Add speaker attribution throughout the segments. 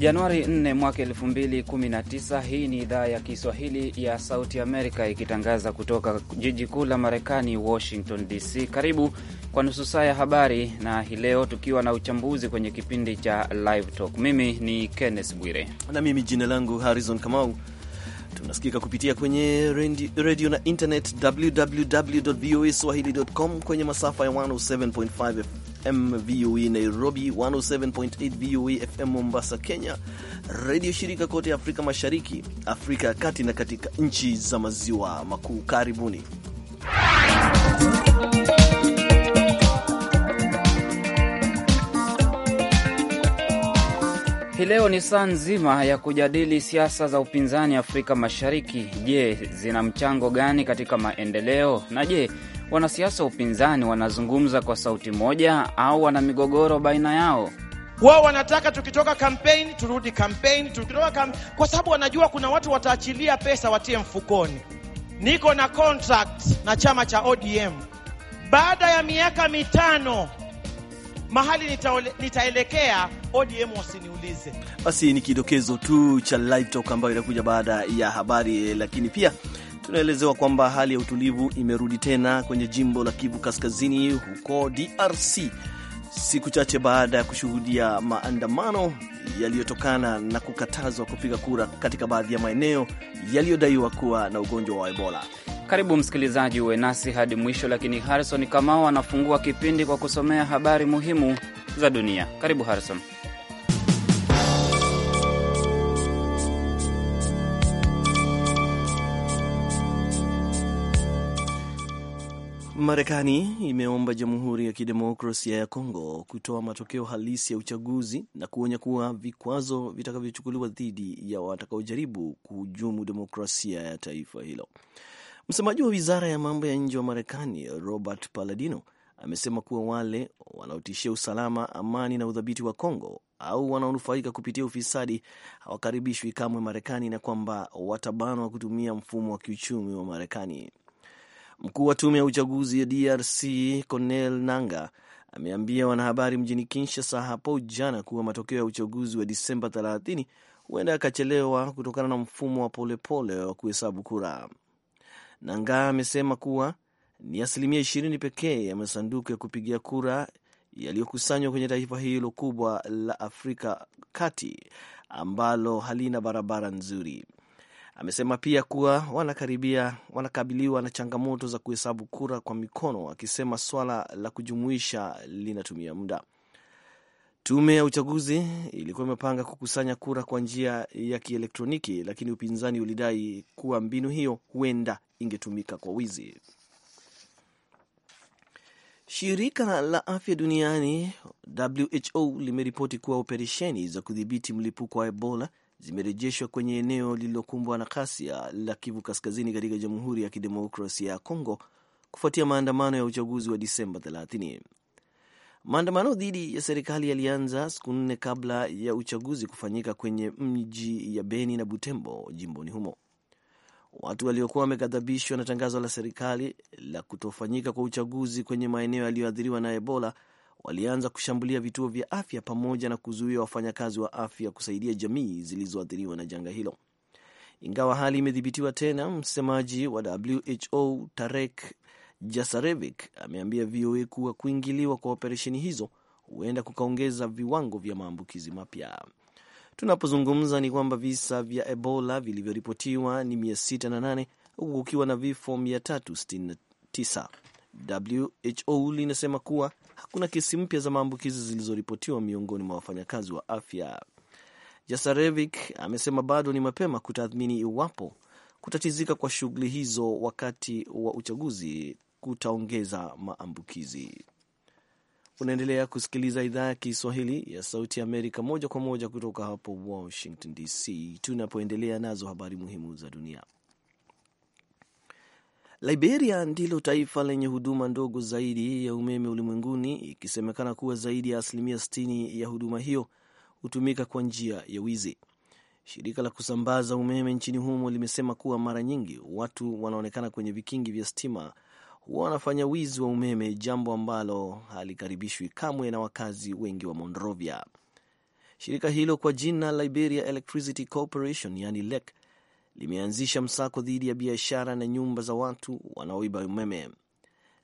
Speaker 1: Januari 4 mwaka 2019. Hii ni idhaa ya Kiswahili ya Sauti Amerika ikitangaza kutoka jiji kuu la Marekani, Washington DC. Karibu kwa nusu saa ya habari, na hii leo tukiwa na uchambuzi kwenye kipindi cha Live Talk. Mimi ni Kenneth Bwire na mimi jina langu Harrison Kamau Tunasikika kupitia kwenye redio na internet,
Speaker 2: www voa swahili.com, kwenye masafa ya 107.5 FM VOA Nairobi, 107.8 VOA FM Mombasa, Kenya, redio shirika kote Afrika Mashariki, Afrika ya Kati na katika nchi za maziwa makuu. Karibuni
Speaker 1: Hii leo ni saa nzima ya kujadili siasa za upinzani Afrika Mashariki. Je, zina mchango gani katika maendeleo? Na je, wanasiasa wa upinzani wanazungumza kwa sauti moja au wana
Speaker 3: migogoro baina yao? Wao wanataka tukitoka kampeni turudi kampeni, tukitoka kam... kwa sababu wanajua kuna watu wataachilia pesa watie mfukoni. Niko na contract na chama cha ODM baada ya miaka mitano mahali nitaelekea ODM wasiniulize.
Speaker 2: Basi ni kidokezo tu cha live talk ambayo inakuja baada ya habari, lakini pia tunaelezewa kwamba hali ya utulivu imerudi tena kwenye jimbo la Kivu Kaskazini huko DRC siku chache baada ya kushuhudia maandamano yaliyotokana na kukatazwa kupiga kura katika baadhi ya maeneo yaliyodaiwa kuwa na ugonjwa wa Ebola.
Speaker 1: Karibu msikilizaji, uwe nasi hadi mwisho, lakini Harrison Kamau anafungua kipindi kwa kusomea habari muhimu za dunia. Karibu Harrison.
Speaker 2: Marekani imeomba Jamhuri ya Kidemokrasia ya Kongo kutoa matokeo halisi ya uchaguzi na kuonya kuwa vikwazo vitakavyochukuliwa dhidi ya watakaojaribu kuhujumu demokrasia ya taifa hilo. Msemaji wa wizara ya mambo ya nje wa Marekani Robert Paladino amesema kuwa wale wanaotishia usalama, amani na udhabiti wa Kongo au wanaonufaika kupitia ufisadi hawakaribishwi kamwe Marekani na kwamba watabanwa kutumia mfumo wa kiuchumi wa Marekani. Mkuu wa tume ya uchaguzi ya DRC Cornel Nanga ameambia wanahabari mjini Kinshasa hapo jana kuwa matokeo ya uchaguzi wa Disemba 30 huenda yakachelewa kutokana na mfumo wa polepole pole wa kuhesabu kura. Nanga amesema kuwa ni asilimia 20 pekee ya masanduku ya kupigia kura yaliyokusanywa kwenye taifa hilo kubwa la Afrika kati ambalo halina barabara nzuri. Amesema pia kuwa wanakaribia wanakabiliwa na changamoto za kuhesabu kura kwa mikono, akisema swala la kujumuisha linatumia muda. Tume ya uchaguzi ilikuwa imepanga kukusanya kura kwa njia ya kielektroniki, lakini upinzani ulidai kuwa mbinu hiyo huenda ingetumika kwa wizi. Shirika la afya duniani WHO limeripoti kuwa operesheni za kudhibiti mlipuko wa Ebola zimerejeshwa kwenye eneo lililokumbwa na ghasia la Kivu Kaskazini katika Jamhuri ya Kidemokrasia ya Kongo kufuatia maandamano ya uchaguzi wa Disemba 30. Maandamano dhidi ya serikali yalianza siku nne kabla ya uchaguzi kufanyika kwenye mji ya Beni na Butembo jimboni humo. Watu waliokuwa wameghadhabishwa na tangazo la serikali la kutofanyika kwa uchaguzi kwenye maeneo yaliyoathiriwa na Ebola walianza kushambulia vituo vya afya pamoja na kuzuia wafanyakazi wa afya kusaidia jamii zilizoathiriwa na janga hilo. Ingawa hali imedhibitiwa tena, msemaji wa WHO Tarek Jasarevic ameambia VOA kuwa kuingiliwa kwa operesheni hizo huenda kukaongeza viwango vya maambukizi mapya. Tunapozungumza ni kwamba visa vya Ebola vilivyoripotiwa ni 608 huku kukiwa na vifo 369. WHO linasema kuwa hakuna kesi mpya za maambukizi zilizoripotiwa miongoni mwa wafanyakazi wa afya. Jasarevic amesema bado ni mapema kutathmini iwapo kutatizika kwa shughuli hizo wakati wa uchaguzi kutaongeza maambukizi. Unaendelea kusikiliza idhaa ya Kiswahili ya Sauti ya Amerika moja kwa moja kutoka hapo Washington DC, tunapoendelea nazo habari muhimu za dunia. Liberia ndilo taifa lenye huduma ndogo zaidi ya umeme ulimwenguni, ikisemekana kuwa zaidi ya asilimia 60 ya huduma hiyo hutumika kwa njia ya wizi. Shirika la kusambaza umeme nchini humo limesema kuwa mara nyingi watu wanaonekana kwenye vikingi vya stima huwa wanafanya wizi wa umeme, jambo ambalo halikaribishwi kamwe na wakazi wengi wa Monrovia. Shirika hilo kwa jina Liberia Electricity Corporation, yani LEC, limeanzisha msako dhidi ya biashara na nyumba za watu wanaoiba umeme.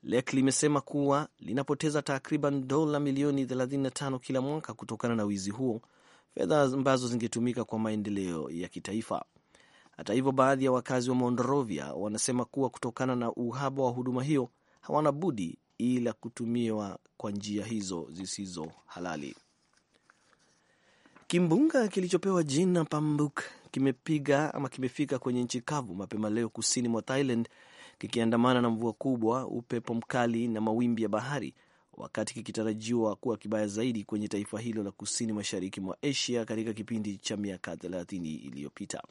Speaker 2: LEC limesema kuwa linapoteza takriban dola milioni 35 kila mwaka kutokana na wizi huo, fedha ambazo zingetumika kwa maendeleo ya kitaifa. Hata hivyo, baadhi ya wakazi wa Monrovia wanasema kuwa kutokana na uhaba wa huduma hiyo hawana budi ila kutumiwa kwa njia hizo zisizo halali. Kimbunga kilichopewa jina Pambuk kimepiga ama kimefika kwenye nchi kavu mapema leo kusini mwa Thailand kikiandamana na mvua kubwa, upepo mkali na mawimbi ya bahari, wakati kikitarajiwa kuwa kibaya zaidi kwenye taifa hilo la kusini mashariki mwa Asia katika kipindi cha miaka 30 iliyopita.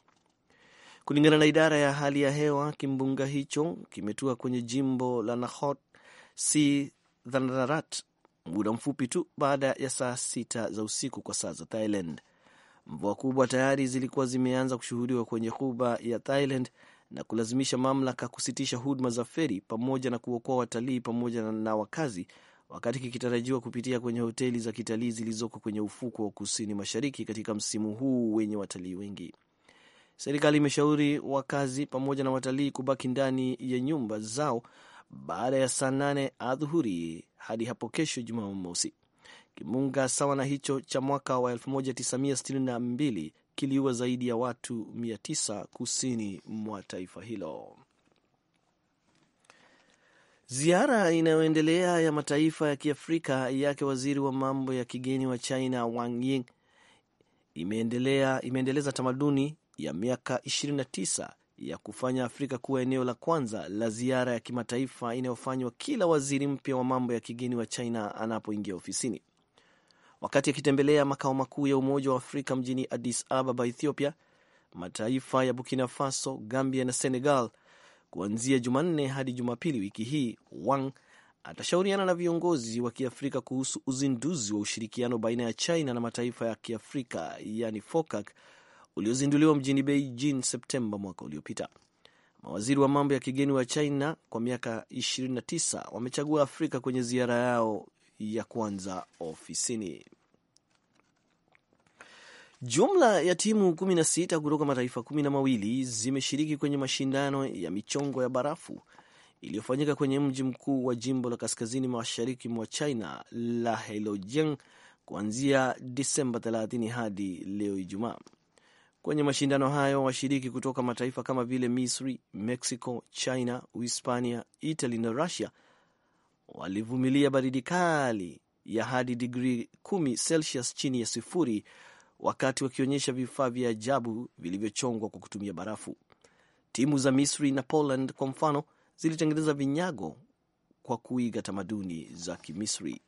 Speaker 2: Kulingana na idara ya hali ya hewa, kimbunga hicho kimetua kwenye jimbo la Nakhon Si Dhanarat muda mfupi tu baada ya saa sita za usiku kwa saa za Thailand. Mvua kubwa tayari zilikuwa zimeanza kushuhudiwa kwenye ghuba ya Thailand na kulazimisha mamlaka kusitisha huduma za feri pamoja na kuokoa watalii pamoja na wakazi, wakati kikitarajiwa kupitia kwenye hoteli za kitalii zilizoko kwenye ufuko wa kusini mashariki katika msimu huu wenye watalii wengi. Serikali imeshauri wakazi pamoja na watalii kubaki ndani ya nyumba zao baada ya saa nane adhuhuri hadi hapo kesho Jumamosi. Kimbunga sawa na hicho cha mwaka wa 1962 kiliua zaidi ya watu 900 kusini mwa taifa hilo. Ziara inayoendelea ya mataifa ya Kiafrika yake waziri wa mambo ya kigeni wa China Wang Ying imeendelea imeendeleza tamaduni ya miaka 29 ya kufanya Afrika kuwa eneo la kwanza la ziara ya kimataifa inayofanywa kila waziri mpya wa mambo ya kigeni wa China anapoingia ofisini. Wakati akitembelea makao makuu ya Umoja wa Afrika mjini Addis Ababa, Ethiopia, mataifa ya Burkina Faso, Gambia na Senegal kuanzia Jumanne hadi Jumapili wiki hii, Wang atashauriana na viongozi wa Kiafrika kuhusu uzinduzi wa ushirikiano baina ya China na mataifa ya Kiafrika, yani FOCAC uliozinduliwa mjini Beijing Septemba mwaka uliopita. Mawaziri wa mambo ya kigeni wa China kwa miaka 29 wamechagua Afrika kwenye ziara yao ya kwanza ofisini. Jumla ya timu 16 kutoka mataifa kumi na mawili zimeshiriki kwenye mashindano ya michongo ya barafu iliyofanyika kwenye mji mkuu wa jimbo la kaskazini mashariki mwa China la Heilongjiang kuanzia Disemba 30 hadi leo Ijumaa. Kwenye mashindano hayo washiriki kutoka mataifa kama vile Misri, Mexico, China, Uhispania, Italy na Russia walivumilia baridi kali ya hadi digrii 1 Celsius chini ya sifuri wakati wakionyesha vifaa vya ajabu vilivyochongwa kwa kutumia barafu. Timu za Misri na Poland kwa mfano zilitengeneza vinyago kwa kuiga tamaduni za Kimisri.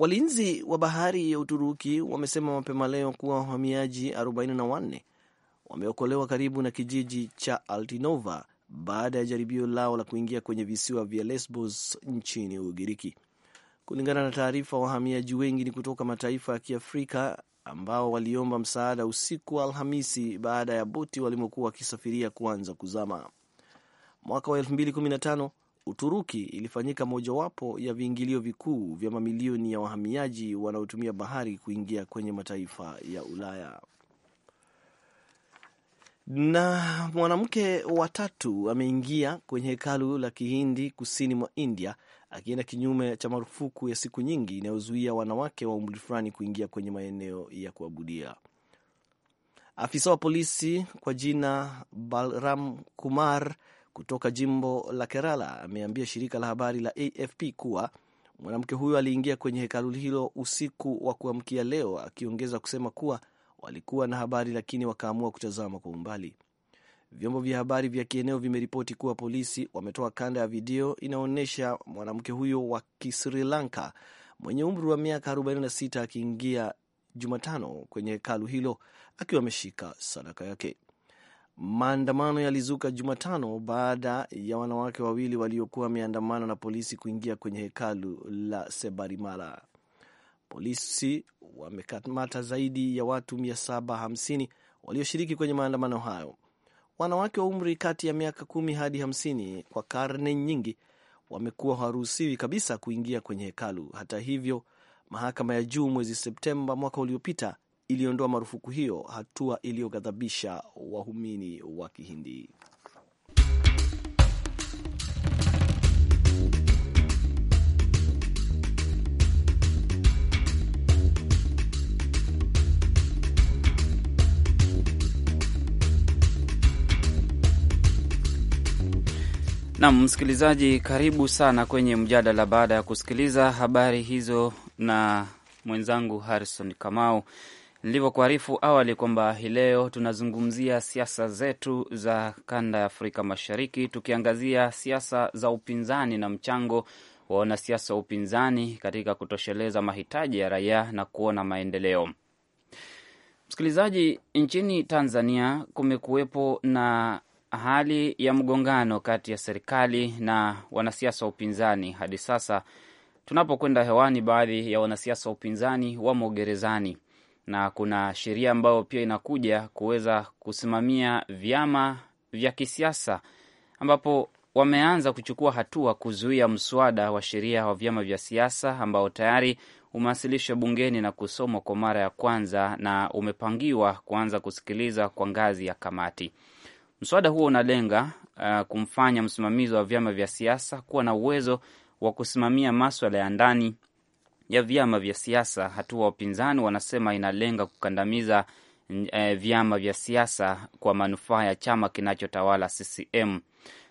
Speaker 2: Walinzi wa bahari ya Uturuki wamesema mapema leo kuwa wahamiaji 44 wameokolewa karibu na kijiji cha Altinova baada ya jaribio lao la kuingia kwenye visiwa vya Lesbos nchini Ugiriki. Kulingana na taarifa, wahamiaji wengi ni kutoka mataifa ya Kiafrika ambao waliomba msaada usiku wa Alhamisi baada ya boti walimokuwa wakisafiria kuanza kuzama. Mwaka wa Uturuki ilifanyika mojawapo ya viingilio vikuu vya mamilioni ya wahamiaji wanaotumia bahari kuingia kwenye mataifa ya Ulaya. Na mwanamke watatu ameingia kwenye hekalu la Kihindi kusini mwa India akienda kinyume cha marufuku ya siku nyingi inayozuia wanawake wa umri fulani kuingia kwenye maeneo ya kuabudia. Afisa wa polisi kwa jina Balram Kumar kutoka jimbo la Kerala ameambia shirika la habari la AFP kuwa mwanamke huyo aliingia kwenye hekalu hilo usiku wa kuamkia leo, akiongeza kusema kuwa walikuwa na habari lakini wakaamua kutazama kwa umbali. Vyombo vya habari vya kieneo vimeripoti kuwa polisi wametoa kanda ya video inaonyesha mwanamke huyo wa Kisri Lanka mwenye umri wa miaka 46 akiingia Jumatano kwenye hekalu hilo akiwa ameshika sadaka yake. Maandamano yalizuka Jumatano baada ya wanawake wawili waliokuwa wameandamana na polisi kuingia kwenye hekalu la Sebarimala. Polisi wamekamata zaidi ya watu 750 walioshiriki kwenye maandamano hayo. Wanawake wa umri kati ya miaka kumi hadi hamsini kwa karne nyingi wamekuwa haruhusiwi kabisa kuingia kwenye hekalu. Hata hivyo, mahakama ya juu mwezi Septemba mwaka uliopita iliondoa marufuku hiyo, hatua iliyoghadhabisha wahumini wa Kihindi.
Speaker 1: Nam msikilizaji, karibu sana kwenye mjadala baada ya kusikiliza habari hizo na mwenzangu Harrison Kamau nilivyokuarifu awali kwamba hii leo tunazungumzia siasa zetu za kanda ya Afrika Mashariki, tukiangazia siasa za upinzani na mchango wa wanasiasa wa upinzani katika kutosheleza mahitaji ya raia na kuona maendeleo. Msikilizaji, nchini Tanzania kumekuwepo na hali ya mgongano kati ya serikali na wanasiasa wa upinzani. Hadi sasa tunapokwenda hewani, baadhi ya wanasiasa wa upinzani wamo gerezani na kuna sheria ambayo pia inakuja kuweza kusimamia vyama vya kisiasa ambapo wameanza kuchukua hatua kuzuia mswada wa sheria wa vyama vya siasa ambao tayari umewasilishwa bungeni na kusomwa kwa mara ya kwanza na umepangiwa kuanza kusikiliza kwa ngazi ya kamati. Mswada huo unalenga uh, kumfanya msimamizi wa vyama vya siasa kuwa na uwezo wa kusimamia maswala ya ndani ya vyama vya siasa, hatua wapinzani wanasema inalenga kukandamiza e, vyama vya siasa kwa manufaa ya chama kinachotawala CCM.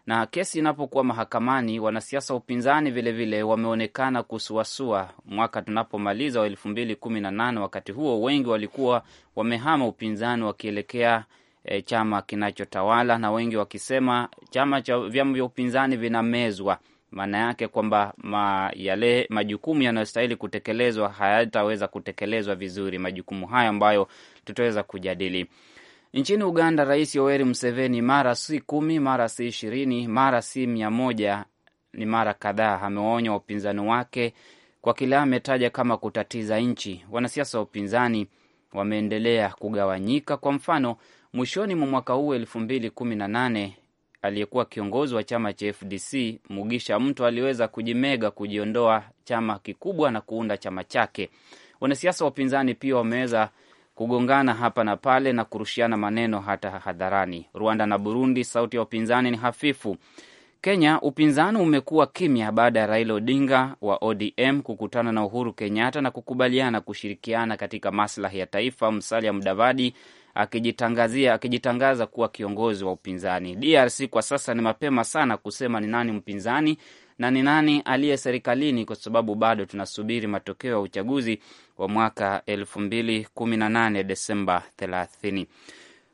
Speaker 1: Na kesi inapokuwa mahakamani, wanasiasa wa upinzani vilevile wameonekana kusuasua. Mwaka tunapomaliza wa elfu mbili kumi na nane, wakati huo wengi walikuwa wamehama upinzani wakielekea e, chama kinachotawala na wengi wakisema chama cha vyama vya upinzani vinamezwa maana yake kwamba ma, yale majukumu yanayostahili kutekelezwa hayataweza kutekelezwa vizuri, majukumu hayo ambayo tutaweza kujadili. Nchini Uganda, Rais Yoweri Museveni mara si kumi, mara si ishirini, mara si mia moja, ni mara kadhaa amewaonya wapinzani wake kwa kile ametaja kama kutatiza nchi. Wanasiasa wa upinzani wameendelea kugawanyika. Kwa mfano, mwishoni mwa mwaka huu elfu mbili kumi na nane aliyekuwa kiongozi wa chama cha FDC Mugisha Mtu aliweza kujimega, kujiondoa chama kikubwa na kuunda chama chake. Wanasiasa wa upinzani pia wameweza kugongana hapa na pale na kurushiana maneno hata hadharani. Rwanda na Burundi, sauti ya upinzani ni hafifu. Kenya, upinzani umekuwa kimya baada ya Raila Odinga wa ODM kukutana na Uhuru Kenyatta na kukubaliana kushirikiana katika maslahi ya taifa. Musalia Mudavadi akijitangazia akijitangaza kuwa kiongozi wa upinzani. DRC kwa sasa ni mapema sana kusema ni nani mpinzani na ni nani aliye serikalini, kwa sababu bado tunasubiri matokeo ya uchaguzi wa mwaka elfu mbili kumi na nane Desemba thelathini.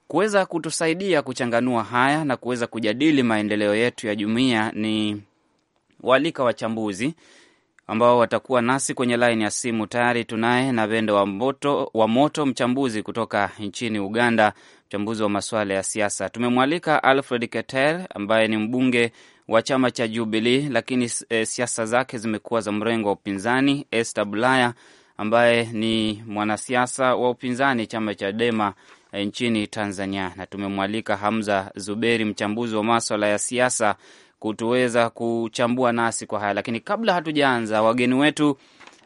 Speaker 1: Kuweza kutusaidia kuchanganua haya na kuweza kujadili maendeleo yetu ya jumuiya ni walika wachambuzi ambao watakuwa nasi kwenye laini ya simu. Tayari tunaye na Vendo wa Moto, wa Moto, mchambuzi kutoka nchini Uganda, mchambuzi wa masuala ya siasa. Tumemwalika Alfred Keter ambaye ni mbunge wa chama cha jubili lakini e, siasa zake zimekuwa za mrengo wa upinzani. Esther Bulaya ambaye ni mwanasiasa wa upinzani chama cha Dema eh, nchini Tanzania, na tumemwalika Hamza Zuberi, mchambuzi wa maswala ya siasa kutuweza kuchambua nasi kwa haya, lakini kabla hatujaanza, wageni wetu,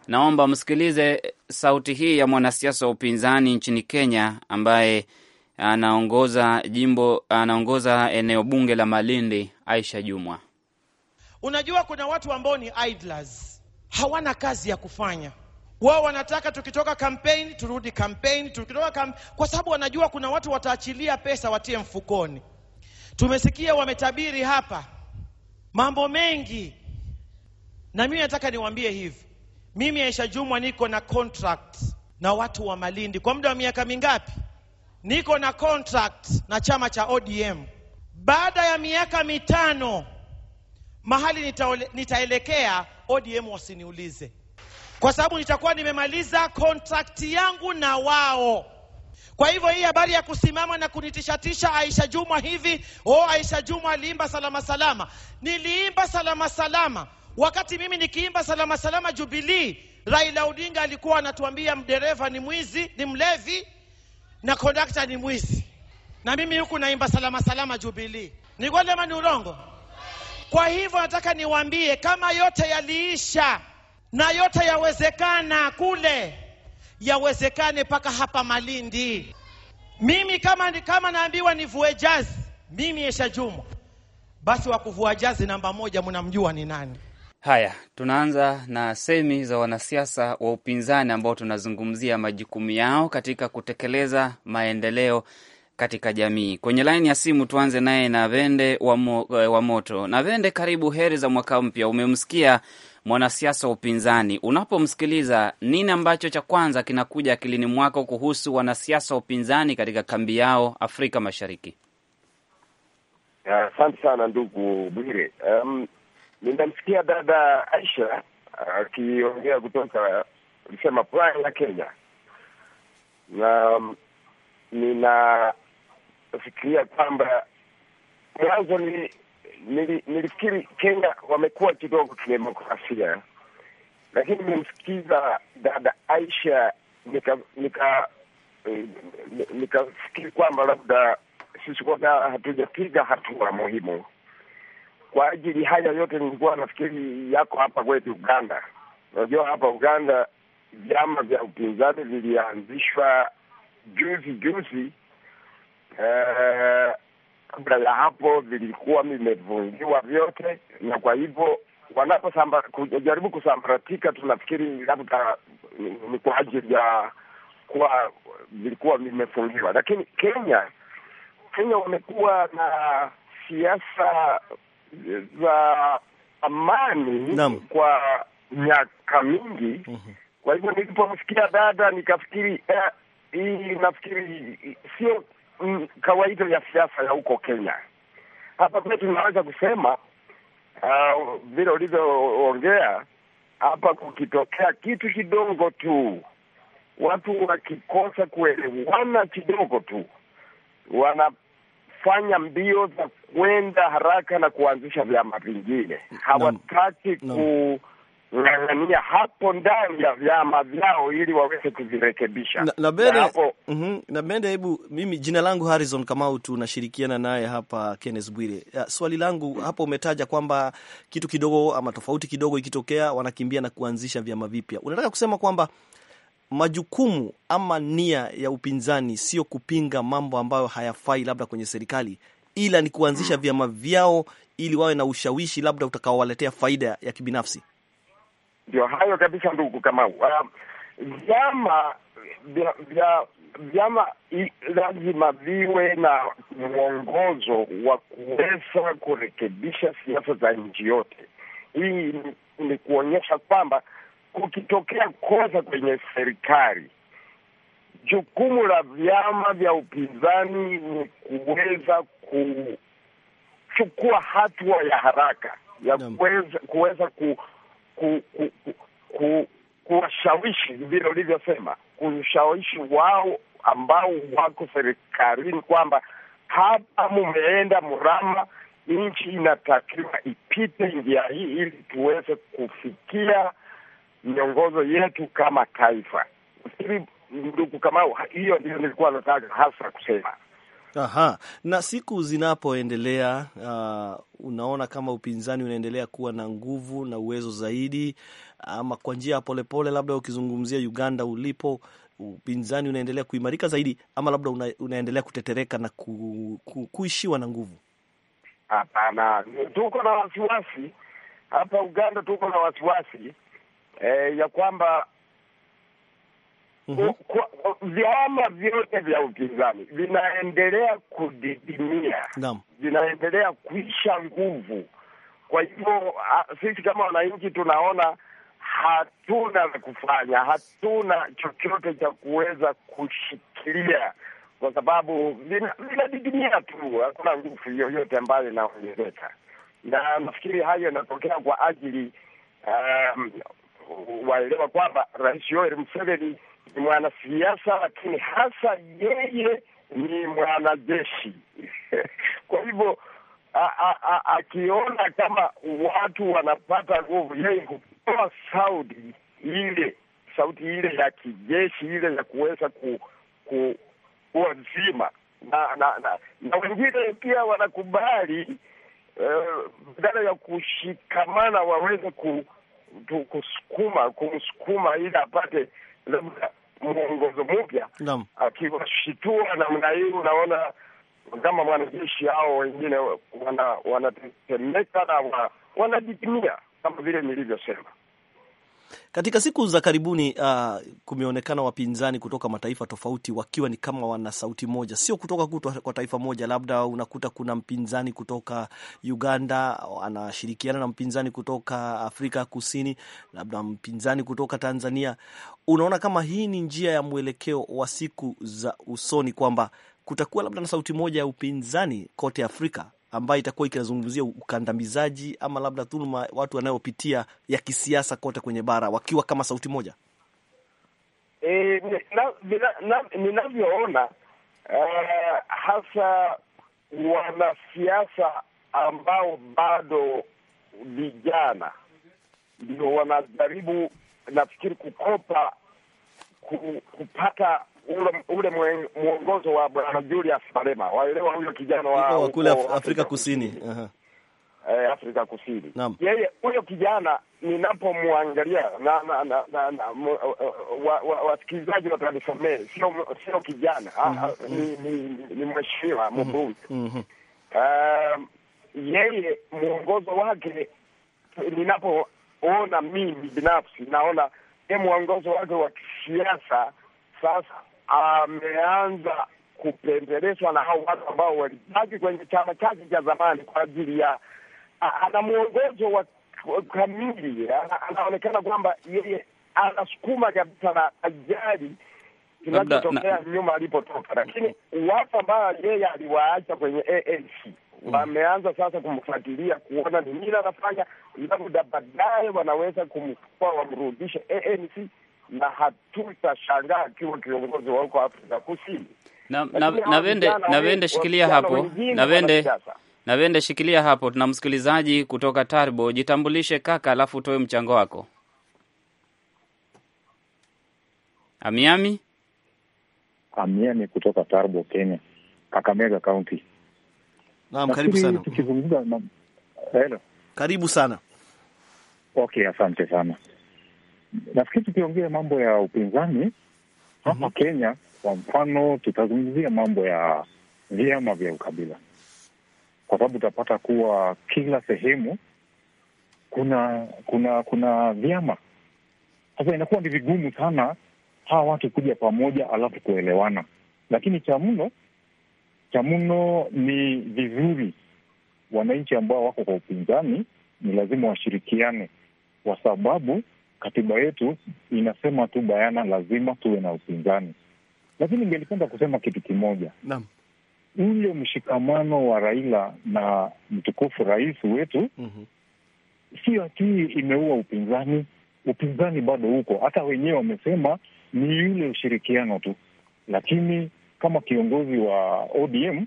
Speaker 1: naomba msikilize sauti hii ya mwanasiasa wa upinzani nchini Kenya ambaye anaongoza jimbo, anaongoza eneo bunge la Malindi, Aisha Jumwa.
Speaker 3: Unajua, kuna watu ambao ni idlers, hawana kazi ya kufanya. Wao wanataka tukitoka kampeni turudi kampeni, tukitoka kam... kwa sababu wanajua kuna watu wataachilia pesa watie mfukoni. Tumesikia wametabiri hapa mambo mengi. Na mimi nataka niwaambie hivi, mimi Aisha Jumwa niko na contract na watu wa Malindi kwa muda wa miaka mingapi? Niko na contract na chama cha ODM. Baada ya miaka mitano mahali nitaole, nitaelekea ODM wasiniulize, kwa sababu nitakuwa nimemaliza contract yangu na wao. Kwa hivyo hii habari ya kusimama na kunitishatisha Aisha Jumwa hivi, oh, Aisha Jumwa aliimba salama salama. Niliimba salama salama. Wakati mimi nikiimba salama salama Jubilee, Raila Odinga alikuwa anatuambia mdereva ni mwizi, ni mlevi na kondakta ni mwizi. Na mimi huku naimba salama salama Jubilee. kweli ama ni urongo. Kwa hivyo nataka niwaambie kama yote yaliisha na yote yawezekana kule yawezekane mpaka hapa Malindi. Mimi kama, kama naambiwa nivue jazi mimi Esha Juma, basi wa kuvua jazi namba moja mnamjua ni nani?
Speaker 1: Haya, tunaanza na semi za wanasiasa wa upinzani ambao tunazungumzia majukumu yao katika kutekeleza maendeleo katika jamii. Kwenye laini ya simu tuanze naye na Vende wa, mo, eh, wa moto na Vende, karibu. Heri za mwaka mpya. Umemsikia mwanasiasa wa upinzani, unapomsikiliza nini ambacho cha kwanza kinakuja akilini mwako kuhusu wanasiasa wa upinzani katika kambi yao Afrika Mashariki?
Speaker 4: Asante uh, sana ndugu Bwire. Um, ninamsikia dada Aisha akiongea uh, kutoka ulisema pwani ya Kenya na um, ninafikiria kwamba mwanzo ni nili, nilifikiri Kenya wamekuwa kidogo kidemokrasia, lakini nimemsikiza dada Aisha nikafikiri nika, nika, eh, kwamba labda sisi kwanza hatujapiga hatua muhimu kwa ajili haya yote. Nilikuwa nafikiri yako hapa kwetu Uganda. Unajua hapa Uganda vyama vya upinzani vilianzishwa juzi juzi, uh, kabla ya hapo vilikuwa vimevungiwa vyote, na kwa hivyo wanapojaribu kusambaratika, tunafikiri labda ni kwa ajili ya kuwa vilikuwa vimefungiwa. Lakini Kenya, Kenya wamekuwa na siasa za amani Nam. kwa miaka mingi mm -hmm. Kwa hivyo nilipomsikia dada nikafikiri eh, nafikiri sio Mm, kawaida ya siasa ya huko Kenya. Hapa kwetu tunaweza kusema uh, vile uh, ulivyoongea hapa, kukitokea kitu kidogo tu, watu wakikosa kuelewana kidogo tu, wanafanya mbio za kwenda haraka na kuanzisha vyama vingine, hawataki no. no. ku ng'ang'ania hapo ndani ya vyama vyao ili waweze kuvirekebisha. Na, na Bende,
Speaker 2: mhm, hebu mm -hmm, mimi jina langu Harrison Kamau, tunashirikiana naye hapa Kenneth Bwire. Swali langu hapo, umetaja kwamba kitu kidogo ama tofauti kidogo ikitokea wanakimbia na kuanzisha vyama vipya. Unataka kusema kwamba majukumu ama nia ya upinzani sio kupinga mambo ambayo hayafai labda kwenye serikali, ila ni kuanzisha hmm. vyama vyao ili wawe na ushawishi labda utakaowaletea faida ya kibinafsi?
Speaker 4: Ndio hayo kabisa, ndugu Kamau. Ah, vyama vya vyama lazima viwe na mwongozo wa kuweza kurekebisha siasa za nchi yote. Hii ni kuonyesha kwamba kukitokea kosa kwenye serikali, jukumu la vyama vya upinzani ni kuweza kuchukua hatua ya haraka ya kuweza kuweza ku ku, ku, ku, ku, kuwashawishi vile ulivyosema, kushawishi wao ambao wako serikalini kwamba hapa mumeenda mrama, nchi inatakiwa ipite njia hii ili tuweze kufikia miongozo yetu kama taifa. ndugu Kamau, hiyo ndio nilikuwa nataka hasa kusema.
Speaker 2: Aha. Na siku zinapoendelea, uh, unaona kama upinzani unaendelea kuwa na nguvu na uwezo zaidi, ama kwa njia ya polepole, labda ukizungumzia Uganda ulipo upinzani unaendelea kuimarika zaidi, ama labda una, unaendelea kutetereka na ku, ku, kuishiwa na nguvu?
Speaker 4: Hapana, tuko na wasiwasi hapa Uganda, tuko na wasiwasi eh, ya kwamba Mhm. vyama vyote vya upinzani vinaendelea kudidimia, vinaendelea kuisha
Speaker 5: nguvu.
Speaker 4: Kwa hivyo sisi kama wananchi tunaona hatuna la kufanya, hatuna chochote cha kuweza kushikilia kwa sababu vinadidimia tu, hakuna nguvu yoyote ambayo inaongezeka. Na nafikiri hayo inatokea kwa ajili um, waelewa kwamba Rais Yoweri Museveni ni mwanasiasa, lakini hasa yeye ni mwanajeshi kwa hivyo akiona kama watu wanapata nguvu, yeye kutoa sauti ile, sauti ile ya kijeshi, ile ya kuweza ku, ku, kuwa nzima na, na, na, na wengine pia wanakubali e, badala uh, ya kushikamana waweze ku, kusukuma kumsukuma ili apate labda mwongozo mpya akiwashitua namna hii, unaona kama mwanajeshi hao wengine wanatetemeka na wanajitimia kama vile nilivyosema.
Speaker 2: Katika siku za karibuni uh, kumeonekana wapinzani kutoka mataifa tofauti wakiwa ni kama wana sauti moja, sio kutoka kuto kwa taifa moja. Labda unakuta kuna mpinzani kutoka Uganda anashirikiana na mpinzani kutoka Afrika Kusini, labda mpinzani kutoka Tanzania. Unaona kama hii ni njia ya mwelekeo wa siku za usoni kwamba kutakuwa labda na sauti moja ya upinzani kote Afrika ambayo itakuwa ikinazungumzia ukandamizaji ama labda dhuluma watu wanayopitia ya kisiasa kote kwenye bara wakiwa kama sauti moja?
Speaker 4: E, ninavyoona uh, hasa wanasiasa ambao bado vijana ndio wanajaribu nafikiri kukopa kupata ule, ule mwongozo wa bwana Julius Malema, waelewa huyo kijana wa kule Afrika, Afrika
Speaker 2: Kusini, Kusini.
Speaker 4: Eh, Afrika Kusini yeye huyo kijana ninapomwangalia na, na, na, na, na wasikilizaji wa, wa, watanisamehe, sio sio kijana mm -hmm. ni, ni, ni mheshimiwa mhm. mbunge mm -hmm. um, yeye mwongozo wake ninapoona mimi binafsi naona ye mwongozo wake wa kisiasa sasa ameanza kupembeleshwa na hao watu ambao walibaki kwenye chama chake cha zamani kwa ajili ya ana mwongozo wa kamili, anaonekana kwamba yeye anasukuma kabisa na ajali kinachotokea nyuma alipotoka, lakini watu ambao yeye aliwaacha kwenye ANC mm. wameanza sasa kumfuatilia kuona ni nini anafanya, labda baadaye wanaweza kumkua wamrudishe ANC na hatutashangaa akiwa kiongozi wa huko Afrika Kusini.
Speaker 1: Na, na, na Vende, na Vende shikilia hapo, na Vende na Vende shikilia hapo. Tuna msikilizaji kutoka Tarbo. Jitambulishe kaka, alafu utoe mchango wako. Amiami
Speaker 6: Amiami kutoka Tarbo, Kenya, Kakamega County.
Speaker 5: Naam, karibu sana. Tukizungumza na...
Speaker 2: Karibu sana.
Speaker 6: Okay, asante sana nafikiri tukiongea mambo ya upinzani hapa mm -hmm. Kenya kwa mfano, tutazungumzia mambo ya vyama vya ukabila, kwa sababu utapata kuwa kila sehemu kuna kuna kuna vyama. Sasa inakuwa ni vigumu sana hawa watu kuja pamoja alafu kuelewana, lakini cha mno cha mno ni vizuri wananchi ambao wako kwa upinzani ni lazima washirikiane, kwa sababu katiba yetu inasema tu bayana, lazima tuwe na upinzani, lakini ningelipenda kusema kitu kimoja naam. Ule mshikamano wa Raila na mtukufu rais wetu mm -hmm. Sio ati imeua upinzani, upinzani bado huko, hata wenyewe wamesema ni yule ushirikiano tu, lakini kama kiongozi wa ODM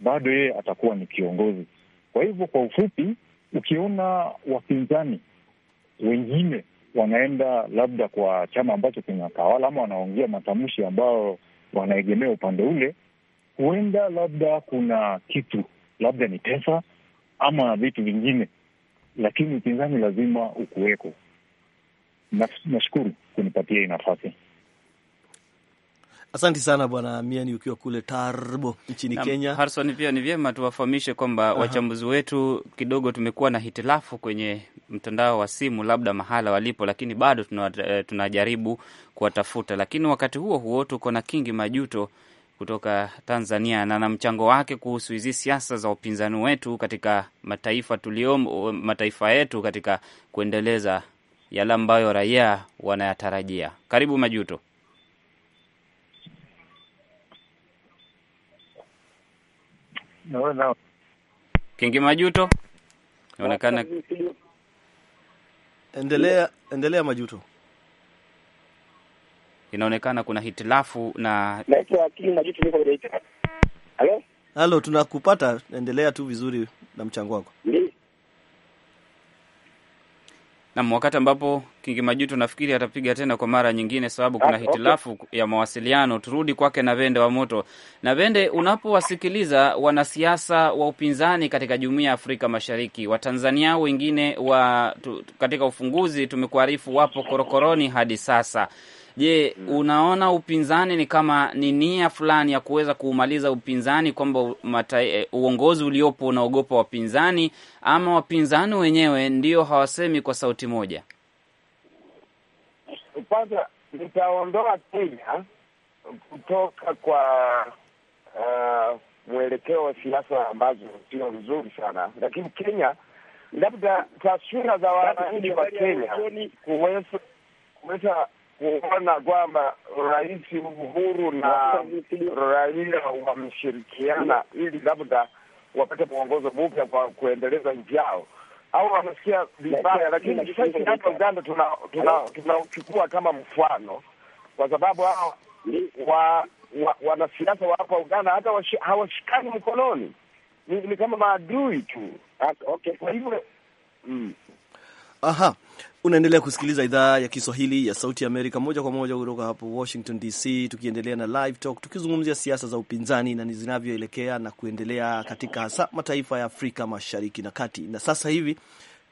Speaker 6: bado yeye atakuwa ni kiongozi. Kwa hivyo, kwa ufupi, ukiona wapinzani wengine wanaenda labda kwa chama ambacho kinatawala ama wanaongea matamshi ambayo wanaegemea upande ule, huenda labda kuna kitu, labda ni pesa ama vitu vingine, lakini upinzani lazima ukuweko. Nashukuru kunipatia
Speaker 2: hii nafasi asanti sana Bwana Miani, ukiwa kule Tarbo nchini na Kenya.
Speaker 1: Harrison, pia ni vyema tuwafahamishe kwamba wachambuzi wetu kidogo tumekuwa na hitilafu kwenye mtandao wa simu, labda mahala walipo, lakini bado eh, tunajaribu kuwatafuta. Lakini wakati huo huo tuko na Kingi Majuto kutoka Tanzania na na mchango wake kuhusu hizi siasa za upinzani wetu katika mataifa tuliomo, mataifa yetu katika kuendeleza yale ambayo raia wanayatarajia. Karibu Majuto. naona Kingi Majuto inaonekana. Endelea, endelea Majuto. Inaonekana kuna hitilafu na Halo, tunakupata. Endelea tu vizuri na mchango wako. Mimi Nam, wakati ambapo Kingi Majuto nafikiri atapiga tena kwa mara nyingine, sababu ah, kuna hitilafu ya mawasiliano. Turudi kwake Vende wa Moto. na Vende, unapowasikiliza wanasiasa wa upinzani katika jumuia ya Afrika Mashariki, Watanzania wengine wa katika ufunguzi tumekuarifu wapo korokoroni hadi sasa. Je, mm. unaona upinzani ni kama ni nia fulani ya kuweza kuumaliza upinzani kwamba eh, uongozi uliopo unaogopa wapinzani ama wapinzani wenyewe ndio hawasemi kwa sauti moja?
Speaker 4: Kwanza nitaondoa Kenya kutoka kwa uh, mwelekeo wa siasa ambazo sio nzuri sana, lakini Kenya labda taswira za wananchi wa Kenya kuweza kuona kwamba rais
Speaker 5: Uhuru na
Speaker 4: raia wameshirikiana ili labda wapate mwongozo mpya kwa kuendeleza nchi yao, au wamesikia vibaya. Lakini sisi hapa Uganda eh? tunauchukua kama mfano, kwa sababu hao wa, wa, wanasiasa wa hapa Uganda hata hawashikani mkononi, ni kama maadui tu. Ah, kwa hivyo mm.
Speaker 2: Aha. Unaendelea kusikiliza idhaa ya Kiswahili ya Sauti ya Amerika moja kwa moja kutoka hapo Washington DC, tukiendelea na live talk, tukizungumzia siasa za upinzani na zinavyoelekea na kuendelea katika hasa mataifa ya Afrika Mashariki na Kati. Na sasa hivi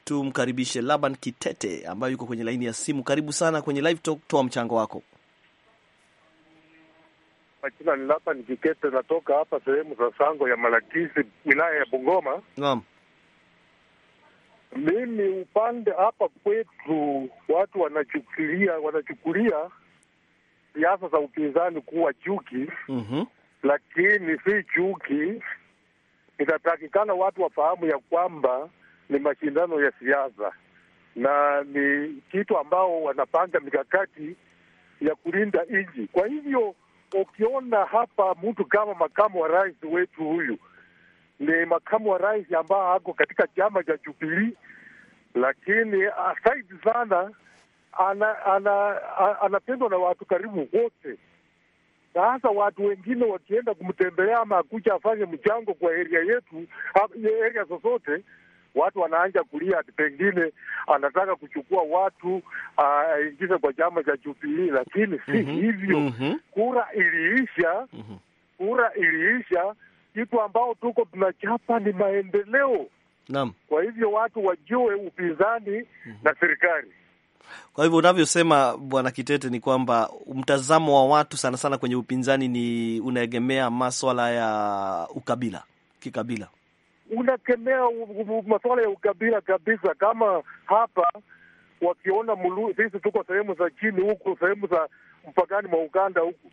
Speaker 2: tumkaribishe Laban Kitete ambaye yuko kwenye laini ya simu. Karibu sana kwenye live talk, toa mchango wako.
Speaker 5: Majina ni Laban Kitete, natoka hapa sehemu za Sango ya Malakisi, wilaya ya Bungoma. Naam. Mimi upande hapa kwetu watu wanachukulia wanachukulia siasa za upinzani kuwa chuki mm -hmm. Lakini si chuki. inatakikana watu wafahamu ya kwamba ni mashindano ya siasa na ni kitu ambao wanapanga mikakati ya kulinda nchi. Kwa hivyo ukiona hapa mtu kama makamu wa rais wetu huyu ni makamu wa rais ambao ako katika chama cha Jubilee, lakini asaidi sana anapendwa ana, ana, ana na watu karibu wote. Sasa watu wengine wakienda kumtembelea ama akuja afanye mchango kwa eria yetu, eria zozote, watu wanaanja kulia ati pengine anataka kuchukua watu aingize kwa chama cha Jubilee, lakini si mm -hmm. hivyo mm -hmm. kura iliisha mm -hmm. kura iliisha kitu ambao tuko tunachapa ni mm-hmm. maendeleo. Naam, kwa hivyo watu wajue upinzani mm -hmm. na serikali.
Speaker 2: Kwa hivyo unavyosema Bwana Kitete ni kwamba mtazamo wa watu sana sana kwenye upinzani ni unaegemea maswala ya ukabila, kikabila,
Speaker 5: unakemea maswala ya ukabila kabisa. Kama hapa wakiona mulu, sisi tuko sehemu za chini huku, sehemu za mpakani mwa Uganda huku,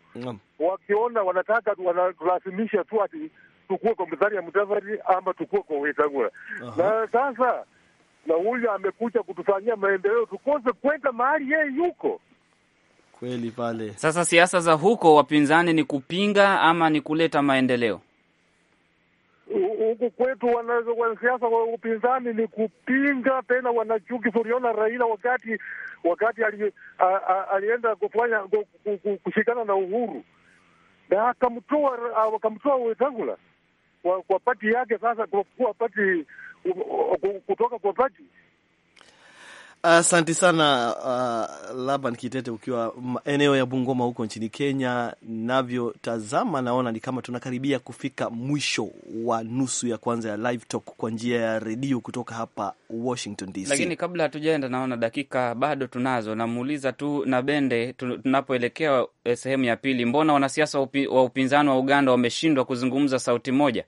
Speaker 5: wakiona wanataka wanalazimisha tu ati tukuwe kwa mstari ya mtafari ama tukuwe kwa Wetangula. Na sasa na huyu amekuja kutufanyia maendeleo, tukose kwenda mahali yeye yuko
Speaker 1: kweli pale. Sasa siasa za huko wapinzani ni kupinga ama ni kuleta maendeleo?
Speaker 5: Huku kwetu wanasiasa wa upinzani ni kupinga, tena wanachuki. furiona Raila wakati wakati ali, a, a, alienda kufanya kushikana na Uhuru na akamtoa akamtoa Wetangula kwa, kwa pati yake sasa kwa pati kutoka kwa pati.
Speaker 2: Asante uh, sana uh, Laban Kitete, ukiwa eneo ya Bungoma huko nchini Kenya. Navyotazama naona ni kama tunakaribia kufika mwisho wa nusu ya kwanza ya live talk kwa njia ya redio kutoka hapa Washington DC, lakini
Speaker 1: kabla hatujaenda, naona dakika bado tunazo. Namuuliza tu na Bende, tunapoelekea eh, sehemu ya pili, mbona wanasiasa wa upinzani wa Uganda wameshindwa kuzungumza sauti moja?